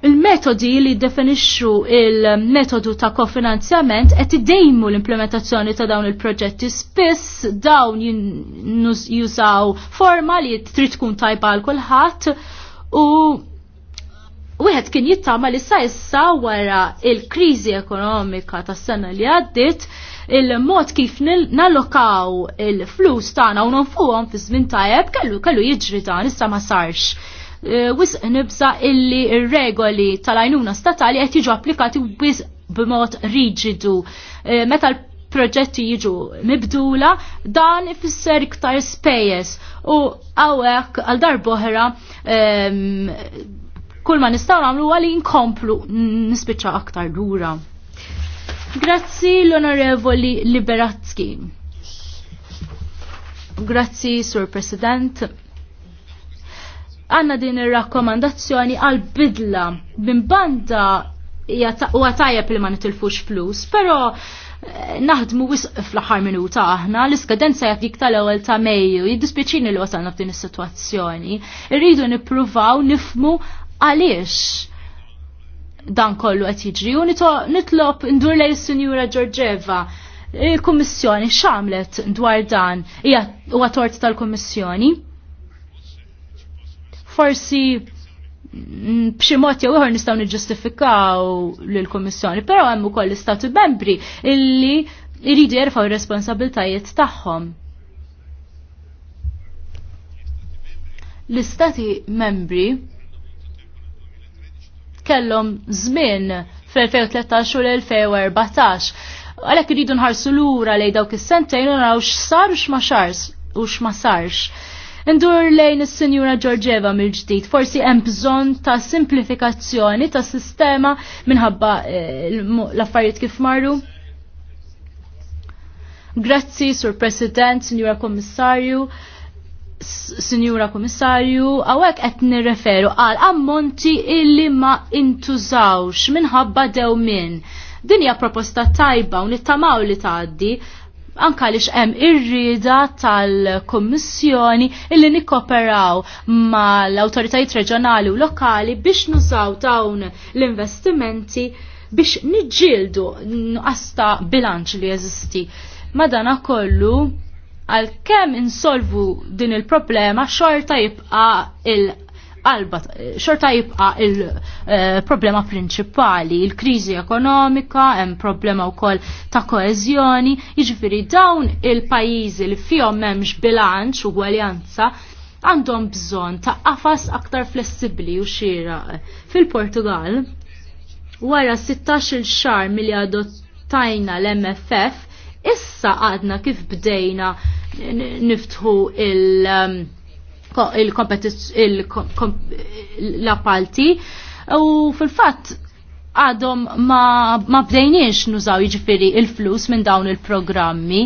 Il-metodi li definixxu il-metodu ta' kofinanzjament qed idejmu l-implementazzjoni ta' dawn il-proġetti spiss dawn jużaw forma li trid tkun tajba għal kulħadd u wieħed kien jittama li sa issa wara il-kriżi ekonomika tas-sena li għaddiet il-mod kif nallokaw il-flus tagħna u nonfuhom fi żmien tajjeb kellu kellu jiġri dan issa ma sarx. E, wisq nibsa illi r regoli tal-għajnuna statali qed jiġu applikati wisq b'mod riġidu. E, meta proġetti jiġu mibdula, dan ifisser iktar spejjeż u għawek għal darboħra kull ma nistaw nagħmlu għalli nkomplu nispiċċa aktar dura. Grazzi l-Onorevoli Liberatski. Grazzi, Sur President għanna din il-rakkomandazzjoni għal-bidla minn banda u għatajja li ma nitilfux flus, pero eh, naħdmu wisq fl-ħar minuta aħna, l-iskadenza jgħak dik tal-ewel ta' meju, jiddispieċini li għatanna f'din is-sitwazzjoni. Irridu nippruvaw nifmu għaliex dan kollu qed jiġri u nitlob ndur lej is-Sinjura Giorgeva. Il-Kummissjoni x'għamlet dwar dan hija huwa tort tal-Kummissjoni? Forsi mm, b'xi mod jew ieħor nistgħu niġġustifikaw lill-Kummissjoni, però hemm ukoll l-Istati membri illi jridu jerfgħu r-responsabiltajiet tagħhom. L-Istati membri kellhom żmien fl-2013 u l-2014. Għalhekk iridu nħarsu lura lejn dawk is-sentejn u naraw x'sar u x'ma xars u x'ma sarx. Ndur lejn is-Sinjura Giorgeva mill-ġdid, forsi hemm bżonn ta' simplifikazzjoni ta' sistema minħabba eh, l-affarijiet kif marru. Grazzi, Sur President, Sinjura Kommissarju. Sinjura Komissarju, għawek qed nirreferu għal ammonti illi ma intużawx minħabba dew min. Din hija proposta tajba u nittamaw li tgħaddi anka li hemm ir tal-Kommissjoni illi nikkoperaw ma l-awtoritajiet reġjonali u lokali biex nużaw dawn l-investimenti biex niġġieldu nqasta bilanċ li jeżisti. Madana kollu għal kem insolvu din il-problema xorta jibqa il- Alba, xorta jibqa il-problema eh, uh, prinċipali, il-kriżi ekonomika, hemm problema wkoll ta' koeżjoni, jiġifieri dawn il-pajjiżi li fihom m'hemmx bilanċ u gwaljanza għandhom bżonn ta' qafas aktar flessibbli u xira. Fil-Portugal, wara 16-il xar milli adottajna l-MFF, Issa għadna kif bdejna niftħu il- um, il-appalti u fil-fatt għadhom ma, ma bdejniex nużaw jiġifieri il-flus minn dawn il-programmi.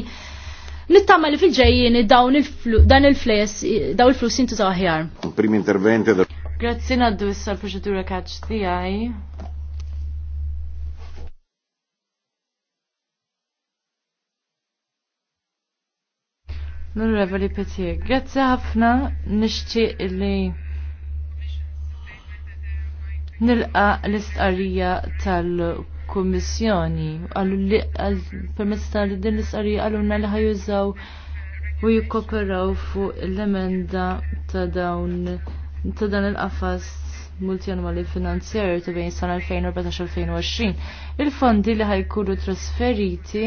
Nittama li fil-ġejjien dawn il-flus dawn il-flus jintużaw ħjar. Prim interventi Grazzi issa l-proċedura kaċ tijaj. Nurrevoli Petir, grazzi ħafna nishti li nilqa l istqarija tal-Kummissjoni għallu li permezz tal din l-istqarrija għalluna li ħajużaw u jikkoperaw fuq l-emenda ta' dawn ta' dan il-qafas multianwali finanzjarju ta' bejn sena 2014-2020. Il-fondi li ħajkunu trasferiti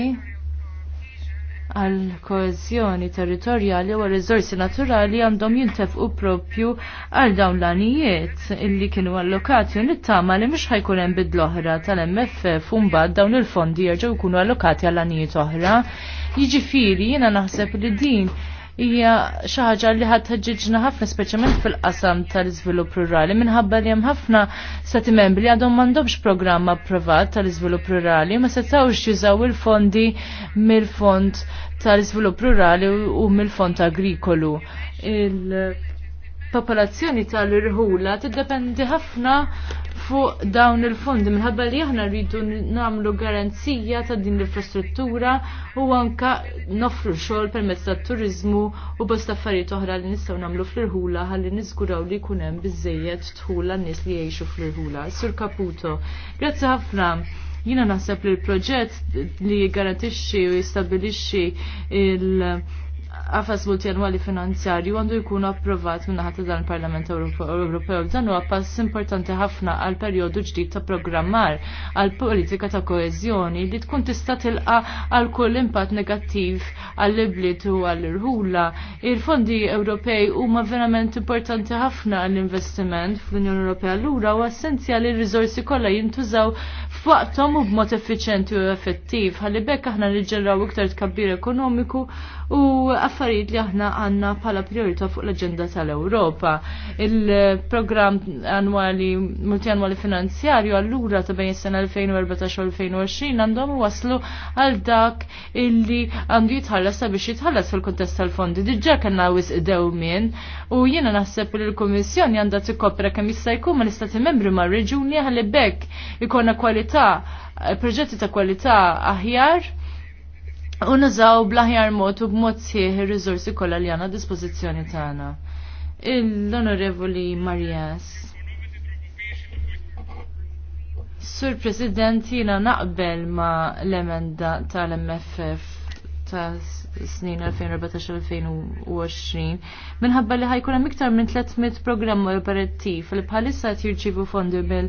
għal koezjoni territorjali u rizorsi naturali għandhom jintefqu propju għal dawn l-anijiet illi kienu allokati u nittama li mhux ħajkun hemm bidloħra oħra tal-MFF mbagħad dawn il-fondi jerġgħu jkunu allokati għal anijiet oħra. Jiġifieri jiena naħseb li din hija xi ħaġa li ħadd ħġiġna ħafna speċjalment fil-qasam tal-iżvilupp rurali minħabba li hemm ħafna stati membri għadhom m'għandhomx programm approvat tal-iżvilupp rurali ma setgħux jużaw il-fondi mill-fond tal-iżvilupp rurali u mill-fond agrikolu. Il popolazzjoni tal-irħula tiddependi ħafna fuq dawn il-fondi minħabba li aħna rridu nagħmlu garanzija ta' din l-infrastruttura u anka nofru xogħol permezz tat-turiżmu u bosta affarijiet oħra li nistgħu nagħmlu fl-irħula ħalli niżguraw li jkun hemm biżejjed tħula nies li jgħixu fl-irħula. Sur Caputo, grazzi ħafna jina naħseb li l-proġett li garantixxi u jistabilixxi il- għafas multianwali finanzjarju għandu jkun approvat minn ħadd dan il-Parlament Ewropew. Dan huwa pass importanti ħafna għal perjodu ġdid ta' programmar għal politika ta' koeżjoni li tkun tista' tilqa għal kull impatt negattiv għall ibliet u għall irħula Il-fondi Ewropej huma verament importanti ħafna għall investiment fl-Unjoni Ewropea lura u essenzjali r-riżorsi kollha jintużaw f'waqthom u b'mod effiċenti u effettiv. Ħalli bekk aħna niġġeraw iktar tkabbir ekonomiku u affarijiet li aħna għandna bħala priorità fuq l-aġenda tal-Ewropa. Il-programm annwali multianwali finanzjarju allura ta' bejn is-sena 2014 2020 għandhom waslu għal dak illi għandu jitħallas sabiex jitħallas fil-kontest tal-fondi. Diġà kellna idew min u jiena naħseb li l-Kummissjoni għandha tikkopra kemm jista' jkun mal-Istati Membri mar-Reġuni ħalli bekk ikonna kwalità kwalità, eh, proġetti ta' kwalità aħjar u nużaw bl-aħjar mod u b'mod sieħ ir-riżorsi kollha li għandna dispożizzjoni tagħna. Il-Onorevoli Marias. Sur President, jina naqbel ma l-emenda tal-MFF ta' snin 2014-2020 minħabba li ħajkun hemm iktar minn 300 programm operattiv li bħalissa qed jirċievu fondi mill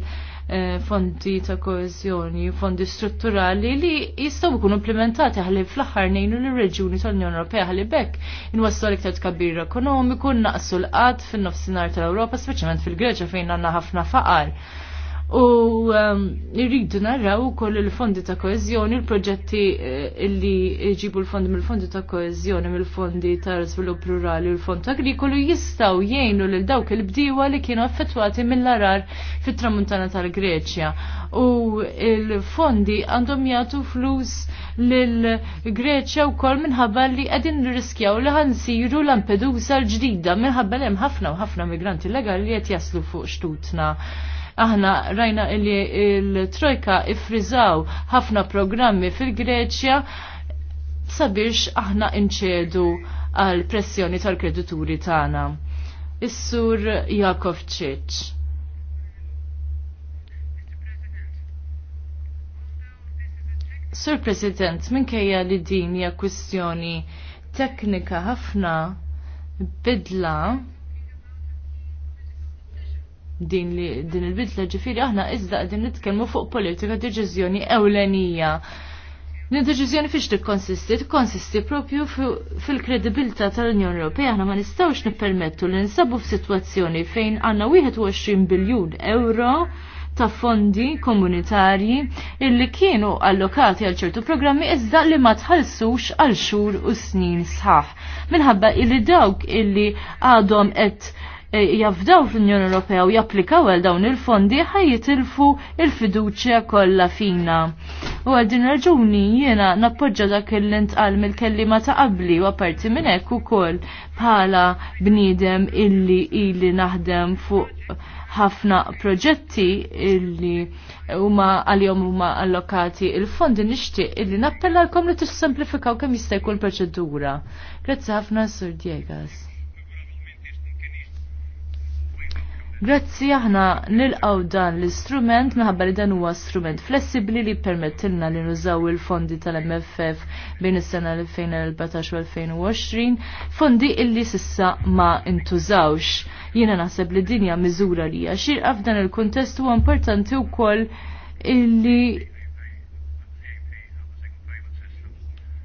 Eh, fondi ta' koezjoni, fondi strutturali li jistaw ikunu implementati ħalli fl-aħħar nejnu l-reġuni tal-Unjoni Ewropea għalli bekk inwassu l-iktar tkabbir ekonomiku, naqsu l-qad fin-nofsinhar tal-Ewropa, speċjalment fil-Greċja fejn għandna ħafna faqar. U um, rridu narraw ukoll il-fondi ta' koezjoni, il-proġetti eh, illi jġibu l-fondi mill-fondi ta' koezjoni, mill-fondi ta' svilupp rurali u l-fond agrikolu jistaw jgħinu lil dawk il bdiwa li kienu affettwati mill-arar fit-tramuntana tal-Greċja. U il-fondi għandhom jagħtu flus lil-Greċja wkoll minħabba li qegħdin riskjaw li ħansiru Lampedusa l-ġdida minħabba hemm ħafna u ħafna migranti legali li qed jaslu fuq xtutna. Aħna rajna li il-Trojka ifrizaw ħafna programmi fil-Greċja sabiex aħna inċedu għal pressjoni tal-kredituri tagħna. Is-sur Jakov Ċeċ. Sur President, minkejja li din hija kwistjoni teknika ħafna bidla din, li, din il-bidla ġifiri aħna iżda din nitkellmu fuq politika deċiżjoni ewlenija. Din deċiżjoni fiex tikkonsisti, tikkonsisti propju fil-kredibilità tal-Unjoni Ewropea aħna ma nistgħux nippermettu li nsabu f'sitwazzjoni fejn għandna 21 biljun euro ta' fondi komunitarji illi kienu allokati għal ċertu programmi iżda li ma tħallsux għal xhur u snin sħaħ. Minħabba illi dawk illi għadhom qed Eh, jafdaw fl-Unjoni Ewropea u japplikaw għal dawn il-fondi ħajjitilfu il-fiduċja kollha fina. U għal din raġuni jiena nappoġġa dak il-intqal mill-kellima ta' qabli u apparti minn hekk ukoll bħala bniedem illi ili naħdem fuq ħafna proġetti illi huma għal-jom huma allokati il-fondi nixtieq illi nappellalkom li tissemplifikaw kemm jista' jkun proċedura. Grazzi ħafna Sur Diegas. Grazzi aħna nilqaw dan l-istrument minħabba li dan huwa strument flessibli li permettilna li nużaw il-fondi tal-MFF bejn is-sena 2014 u 2020, fondi illi sissa ma intużawx. Jiena naħseb li dinja miżura li hija xirqa f'dan il-kuntest huwa importanti wkoll illi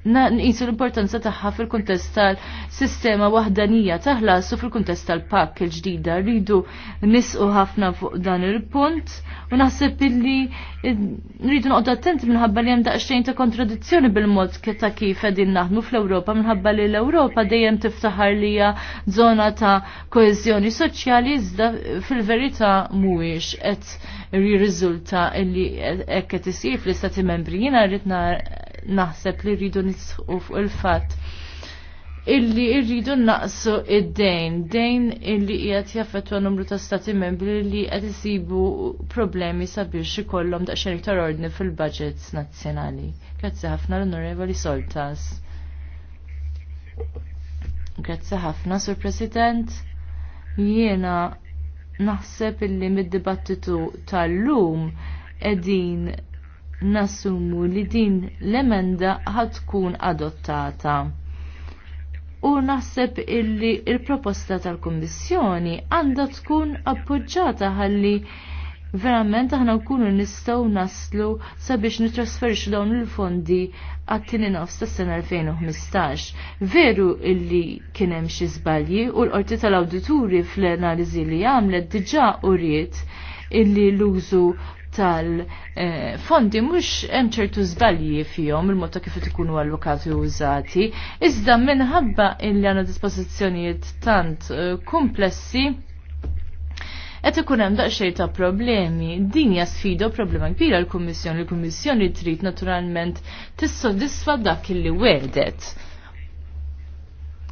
nqisu l-importanza tagħha fil-kuntest tal-sistema waħdanija taħlasu fil-kuntest tal-pakk il-ġdida. Rridu nisqu ħafna fuq dan il-punt u naħseb illi rridu noqgħod attenti minħabba li hemm daqsxejn ta' kontradizzjoni bil-mod ta' kif qegħdin naħdmu fl-Ewropa minħabba li l-Ewropa dejjem tiftaħar li hija żona ta' koeżjoni soċjali iżda fil-verità mhuwiex qed jirriżulta illi hekk qed isir fl-istati membri. Jiena rrid naħseb li rridu nisħu fuq il-fatt illi rridu naqsu id-dejn, dejn illi qiegħed jaffettwa numru ta' stati membri li qed isibu problemi sabiex ikollhom daqsxejn iktar ordni fil-budgets nazzjonali. Grazzi ħafna l-Onorevoli Soltas. Grazzi ħafna, Sur President. Jiena naħseb illi mid-dibattitu tal-lum edin nassumu li din l-emenda ħatkun adottata. U naħseb illi il-proposta tal-Kommissjoni għandha tkun appoġġata ħalli verament aħna nkunu nistgħu naslu sabiex nitrasferixxu dawn il-fondi għattini nofs tas sena 2015. Veru illi kienem xi żbalji u l-qorti tal-awdituri fl-analiżi li għamlet diġà uriet illi l-użu tal-fondi eh, mux hemm ċertu żbalji fihom il-mod ta' kif ikunu allokati u użati, iżda minħabba illi għandna dispożizzjonijiet tant eh, komplessi qed ikun hemm daqsxejn ta' problemi. Din hija sfida u problema kbira l-Kummissjoni. Il-Kummissjoni trid naturalment tissodisfa dak illi wedet.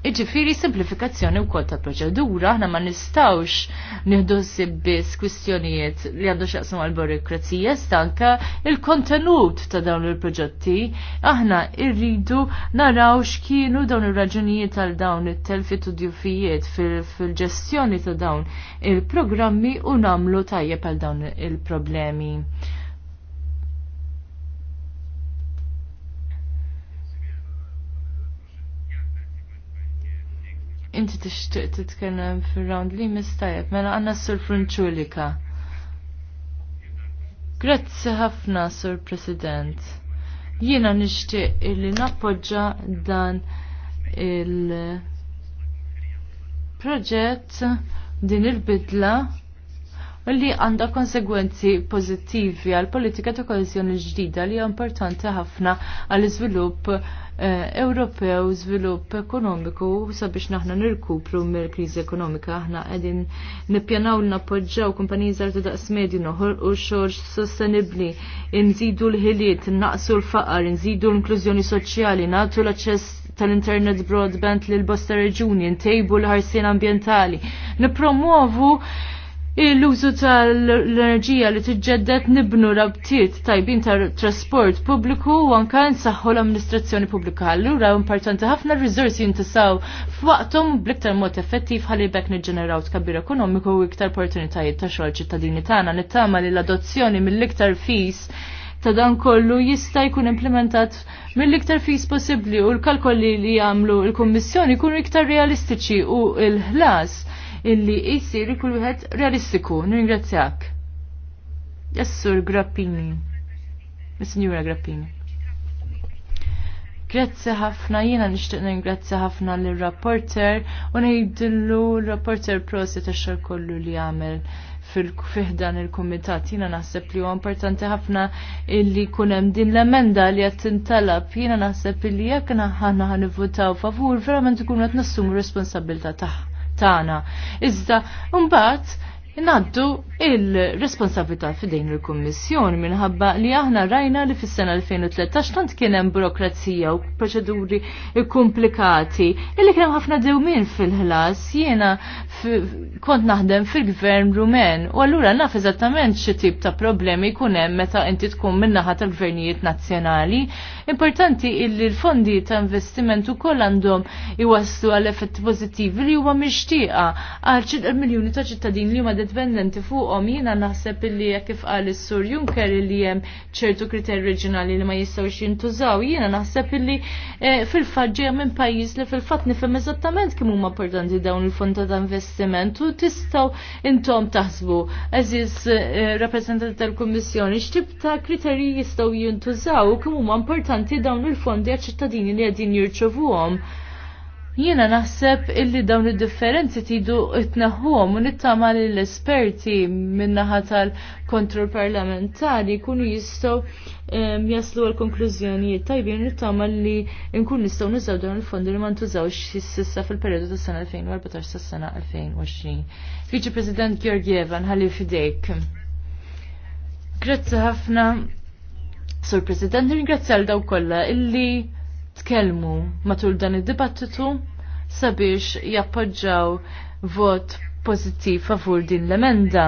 Iġifiri simplifikazzjoni u kol ta' proċedura, ħna ma nistawx nieħdu biss kwistjonijiet li għandu xaqsum għal-burokrazija, stanka il-kontenut ta' dawn il-proġetti, aħna irridu naraw x'kienu dawn ir-raġunijiet għal dawn it-telfit u djufijiet fil-ġestjoni ta' dawn il-programmi u namlu tajjeb għal dawn il-problemi. inti tixtieq titkellem fir-round li mistajab, mela għandna sur Frunċulika. Grazzi ħafna sur President. Jiena nixtieq illi nappoġġa dan il-proġett din il-bidla li għandha konsegwenzi pożittivi għal politika ta' koeżjoni ġdida li hija importanti ħafna għal iżvilupp eh, Ewropew, żvilupp ekonomiku sabiex naħna nirkupru mill-kriżi ekonomika aħna qegħdin nippjanaw li nappoġġaw kumpaniji żgħar ta' daqs medju noħolqu xorx sostenibbli, nżidu l-ħiliet, naqsu l-faqar, nżidu l-inklużjoni soċjali, nagħtu l-aċċess tal-internet broadband lil bosta reġuni, ntejbu l-ħarsien ambientali. Nipromuovu l-użu tal-enerġija li tiġġedded nibnu rabtiet tajbin ta' trasport pubbliku u anka nsaħħu l-amministrazzjoni pubblika. Allura importanti ħafna r-riżorsi jintisaw f'waqthom bliktar mod effettiv ħalli bekk niġġeneraw tkabbir ekonomiku u iktar opportunitajiet ta' xogħol ċittadini tagħna nittama li l-adozzjoni mill-iktar fis ta' dan kollu jista' jkun implementat mill-iktar fis possibbli u l-kalkoli li jagħmlu l-Kummissjoni jkunu iktar realistiċi u l-ħlas illi jisir kull wieħed realistiku. Nirringrazzjak. Jessur Grappini. Signora Grappini. Grazzi ħafna, jiena nixtieq ningrazzja ħafna lir rapporter u ngħidillu l-rapporter prosi ta' xogħol kollu li għamel fil-fihdan il-komitat jina naħseb li huwa importanti ħafna illi jkun hemm din l-emenda li qed tintalab jiena naħseb li jekk ħana ħanivvutaw favur verament ikun qed nassumu responsabilità tagħha. Tana Iżda mbagħad Naddu il-responsabilità f'din il-Kummissjoni minħabba li aħna rajna li fis-sena 2013 tant kien hemm burokrazija u proċeduri komplikati illi kien hemm ħafna dewmien fil-ħlas jiena kont naħdem fil-Gvern Rumen u allura naf eżattament xi tip ta' problemi jkun hemm meta inti tkun min-naħa tal-gvernijiet nazzjonali. Importanti illi l-fondi ta' investiment ukoll għandhom iwaslu għal effetti pożittivi li huwa mixtieqa għal miljuni ta' ċittadini li huma dipendenti fuqhom jiena naħseb illi jekk kif qal is-Sur Juncker illi hemm ċertu kriterji reġjonali li ma jistgħux jintużaw, jiena naħseb illi eh, fil-fatt ġej minn pajjiż li fil-fatt nifhem eżattament kemm huma importanti dawn il fondi ta' investiment u tistgħu intom taħsbu. Eżis eh, rappresentanti tal-Kummissjoni x'tib ta' kriterji jistgħu jintużaw u kemm huma importanti dawn il-fondi għax ċittadini li qegħdin jirċevuhom. Jiena naħseb illi dawn id-differenzi tidu itnaħħuhom u nittama li l-esperti minnaħa tal-kontrol parlamentari kunu jistgħu jaslu għal konklużjonijiet tajbin nittama li nkun nistgħu nużaw dawn il-fondi li ma ntużawx sissa fil-perjodu tas-sena 2014 sas-sena 2020. Viċi President Georgieva, ħalli fidejk. Grazzi ħafna, Sur President, għal daw kollha illi tkellmu matul dan id-dibattitu sabiex jappoġġaw vot pozittiv favur din l-emenda.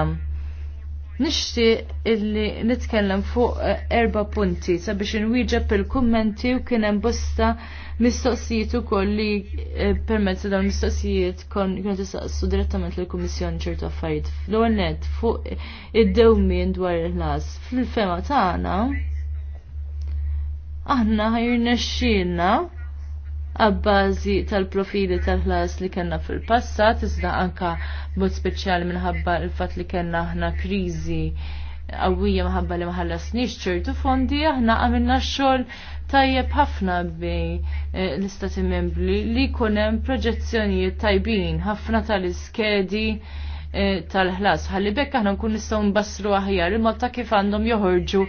Nixti illi nitkellem fuq eh, erba punti sabiex inwieġeb il-kummenti u kien hemm bosta mistoqsijiet ukoll li eh, permezz dawn mistoqsijiet kon kienu tistaqsu direttament lill kummissjoni ċertu affarijiet. L-ewwel fuq id-dewmien dwar il-ħlas. Fil-fema tagħna aħna ħajrna xilna għabbażi tal-profili tal-ħlas li kena fil-passat, iżda anka mod speċjali minħabba il-fat li kena aħna krizi għawija maħabba li maħallasniex ċertu fondi, aħna għamilna xol tajjeb ħafna bej eh, l-istati membri li kunem proġezzjonijiet tajbin, ħafna tal-iskedi Eh, tal-ħlas. Ħalli bekk aħna nkun nistaw nbassru aħjar il-malta kif għandhom joħorġu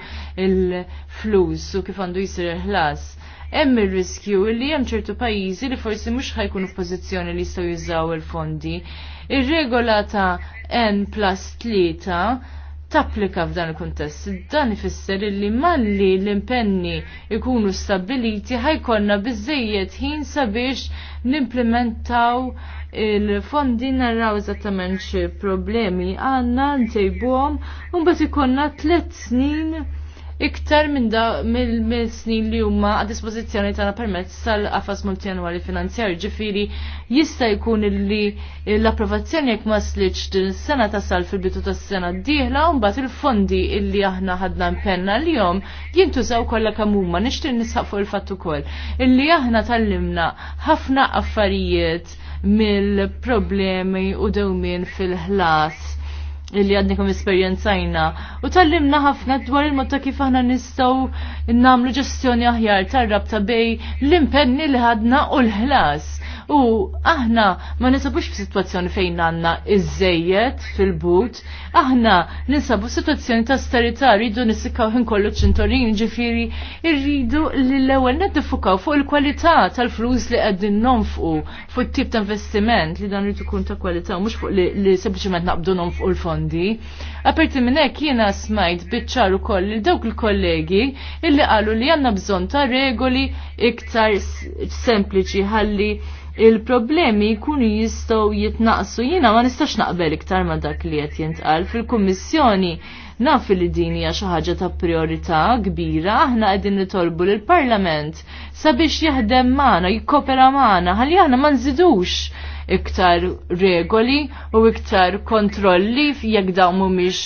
il-flus u kif għandu jisir il-ħlas hemm ir-riskju li hemm ċertu pajjiżi li forsi mhux ħajkunu f'pożizzjoni li jistgħu jużaw il-fondi. Ir-regola ta' N plus 3 tapplika f'dan il-kuntest. Dan ifisser illi malli l-impenni ikunu stabiliti ħajkonna bizzejiet ħin sabiex nimplementaw il-fondi narraw eżattament xi problemi għandna ntejbuhom u mbagħad ikollna tliet snin iktar minn da mill-snin li huma għad dispożizzjoni tagħna permezz tal-qafas multjanwali finanzjarju ġifieri jista' jkun li l-approvazzjoni jekk ma slitx din is-sena tasal fil-bitu tas-sena d-dieħla u mbagħad il-fondi illi aħna ħadna mpenna l-jom jintużaw kollha kemm huma nixtieq nisħaq fuq il-fatt ukoll illi aħna tallimna ħafna affarijiet mill-problemi u dewmien fil-ħlas illi għadnikom esperienzajna. U tallimna ħafna dwar il-mod kif aħna nistgħu nagħmlu ġestjoni aħjar tar-rabta bej l-impenni li ħadna u l-ħlas u aħna ma nisabux f'sitwazzjoni fejn għandna iżejjed fil-but, aħna ninsabu f'sitwazzjoni ta' sterità rridu nisikaw ħin kollu ċintorin ġifieri rridu li l-ewwel nittifukaw fuq il-kwalità tal-flus li għeddin nonfqu fuq it-tip ta' investiment li dan rridu ikun ta' kwalità mhux fuq li sempliċement naqbdu nonfqu l-fondi. Aperti minn hekk jiena smajt biċċar ukoll li dawk il-kollegi illi qalu li għandna bżonn ta' regoli iktar sempliċi ħalli il-problemi jkunu jistgħu jitnaqsu jiena ma nistax naqbel iktar ma dak li qed jintqal fil-Kummissjoni naf li din hija xi ħaġa ta' priorità kbira aħna qegħdin nitolbu lill parlament sabiex jaħdem magħna jikkopera magħna ħalli aħna ma nżidux iktar regoli u iktar kontrolli jekk dawn mhumiex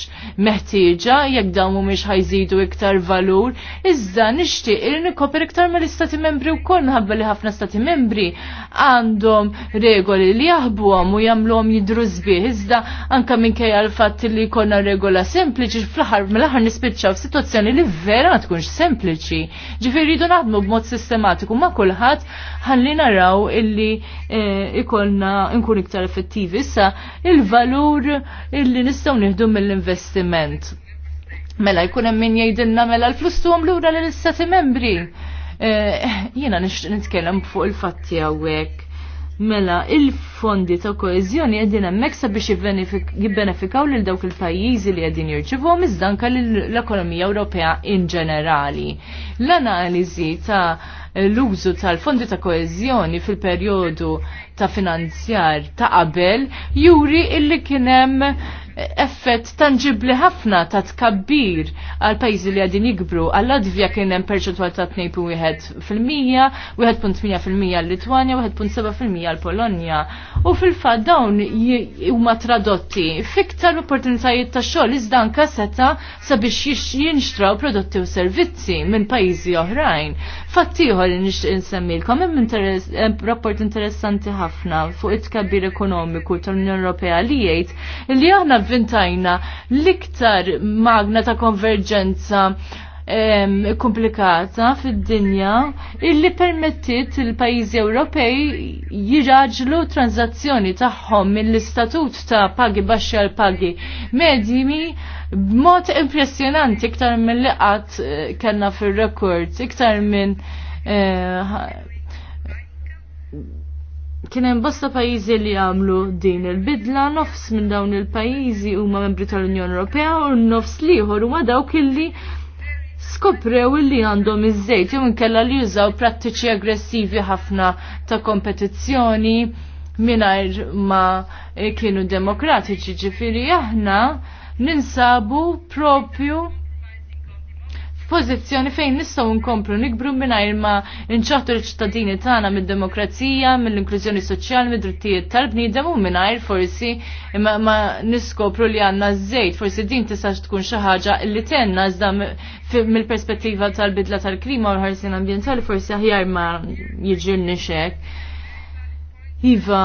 meħtieġa, jekk dawn mhumiex ħajżidu iktar valur, iżda nixtieq li nikkoper iktar mal-istati membri wkoll minħabba li ħafna stati membri għandhom regoli li jaħbuhom u jagħmluhom jidru sbieħ iżda anke minkejja l-fatt li jkollna regola sempliċi fl-aħħar mill-aħħar nispiċċaw f'sitwazzjoni li vera ma tkunx sempliċi. Ġifieri jridu naħdmu b'mod sistematiku ma' kulħadd ħalli naraw illi eh, ikolna nkun iktar effettivi. Issa il-valur illi nistgħu nieħdu mill-investiment. Mela jkun hemm min jgħidilna mela l-flus tuhom lura lill-istati membri. Eh, jiena nitkellem fuq il-fatti hawnhekk. Mela, il-fondi ta' koezjoni għedin hemmhekk sabiex jibbenefikaw lil dawk il-pajjiżi li għedin jirċivuhom iżdanka l-ekonomija Ewropea in ġenerali. L-analiżi ta' l-użu tal-fondi ta' koezjoni fil-perjodu ta' finanzjar ta' qabel juri illi kienem hemm effett tangibli ħafna ta' tkabbir għal pajjiżi li għadin jikbru. Għal Latvija kien hemm perċentwal ta' 2.1 fil-mija, 1.8 fil-mija Litwanja, 1.7 fil-mija għal Polonja. U fil-fatt dawn huma tradotti fiktar opportunitajiet ta' xogħol iżda anke seta' sabiex jinxtraw prodotti u servizzi minn pajjiżi oħrajn. Fattiħor ieħor nixtieq insemmilkom hemm rapport interessanti ħafna fuq it-tkabbir ekonomiku tal-Unjoni Ewropea li jgħid li aħna avvintajna l-iktar magna ta' konverġenza um, komplikata fid-dinja illi permettit il-pajjiżi Ewropej jiraġlu tranzazzjoni tagħhom mill-istatut ta' pagi baxxi għal pagi medjimi b'mod impressjonanti iktar mill-liqat eh, kellna fir-rekord iktar minn eh, Kien hemm bosta pajjiżi li għamlu din il-bidla, nofs minn dawn il-pajjiżi huma membri tal-Unjoni Ewropea u nofs liħor huma dawk illi skoprew illi għandhom iż-żejt jew inkella li jużaw prattiċi aggressivi ħafna ta' kompetizzjoni mingħajr ma kienu demokratiċi ġifieri aħna ninsabu propju pozizjoni fejn nistgħu nkomplu nikbru mingħajr ma nċaħtu l-ċittadini tagħna mid-demokrazija, mill-inklużjoni soċjali, mid-drittijiet tal-bniedem u mingħajr forsi ma niskopru li għandna żejt, forsi din tista' tkun xi ħaġa li tenna iżda mill-perspettiva tal-bidla tal-klima u l-ħarsien ambjentali forsi aħjar ma jiġilni xek. Iva,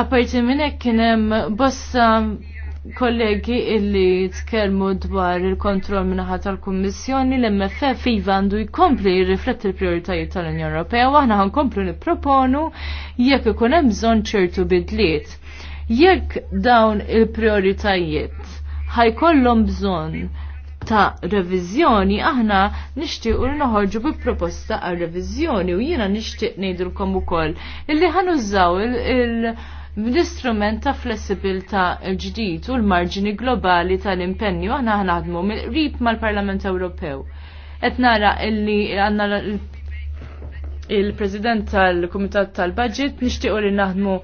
apparti minn hekk kien hemm bossa kollegi illi tkellmu dwar il-kontroll minnaħat tal-Kummissjoni l-MFF iva għandu jkompli jirrifletti l-prioritajiet tal-Unjoni Ewropea u aħna ħankomplu nipproponu jekk ikun hemm bżonn ċertu bidliet. Jekk dawn il-prioritajiet ħajkollhom bżonn ta' reviżjoni aħna nixtiequ li noħorġu bi proposta għal reviżjoni u jiena nixtieq ngħidulkom ukoll illi ħanużaw il-, il l istrument ta' flessibilta ġdid u l-marġini globali tal-impenju għana ħnaħdmu mill-qrib mal-Parlament Ewropew. Et nara illi għanna il-President tal-Komitat tal-Budget nishtiqu li naħdmu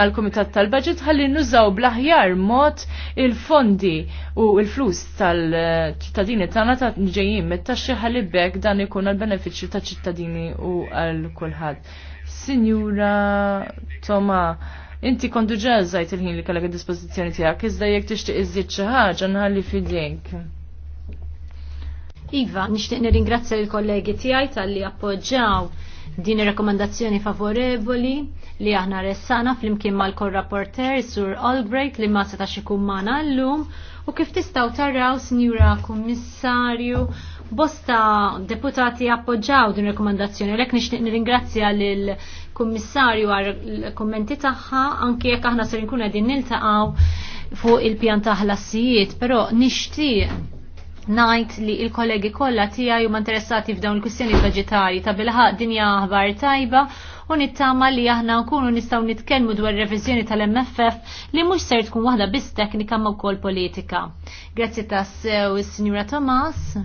mal-Komitat tal-Budget ħalli nużaw blaħjar mod il-fondi u il-flus tal-ċittadini tagħna ta' ġejjin mit-taxxi bekk dan ikun għal-benefiċċju ta' ċittadini u għal kulħadd. Signora Toma, Inti kondu ġazzajt il-ħin li kellek id-dispożizzjoni tiegħek, iżda jekk tixtieq iżjed xi ħaġa nħalli fidejk. Iva, nixtieq nirringrazzja lill-kollegi tiegħi tal-li appoġġjaw din ir-rakkomandazzjoni favorevoli li aħna ressana fl-imkien mal-korrapporter Sur Albright li ma setax ikun magħna llum u kif tistgħu taraw, Sinjura Kummissarju, Bosta deputati appoġġaw din rekomandazzjoni, lek nixtieq nirringrazzja lil kummissarju għal kommenti tagħha anke jekk aħna ser nkun qegħdin niltaqgħu fuq il-pjan ta' ħlasijiet, però nixtieq najt li il-kollegi kollha tiegħi huma interessati f'dawn il-kwistjoni budġetarji ta' bilħa dinja aħbar tajba u nittama li aħna nkunu nistgħu nitkellmu dwar reviżjoni tal-MFF li mhux ser tkun waħda biss teknika ma' wkoll politika. Grazzi sew is-Sinjura Tomas.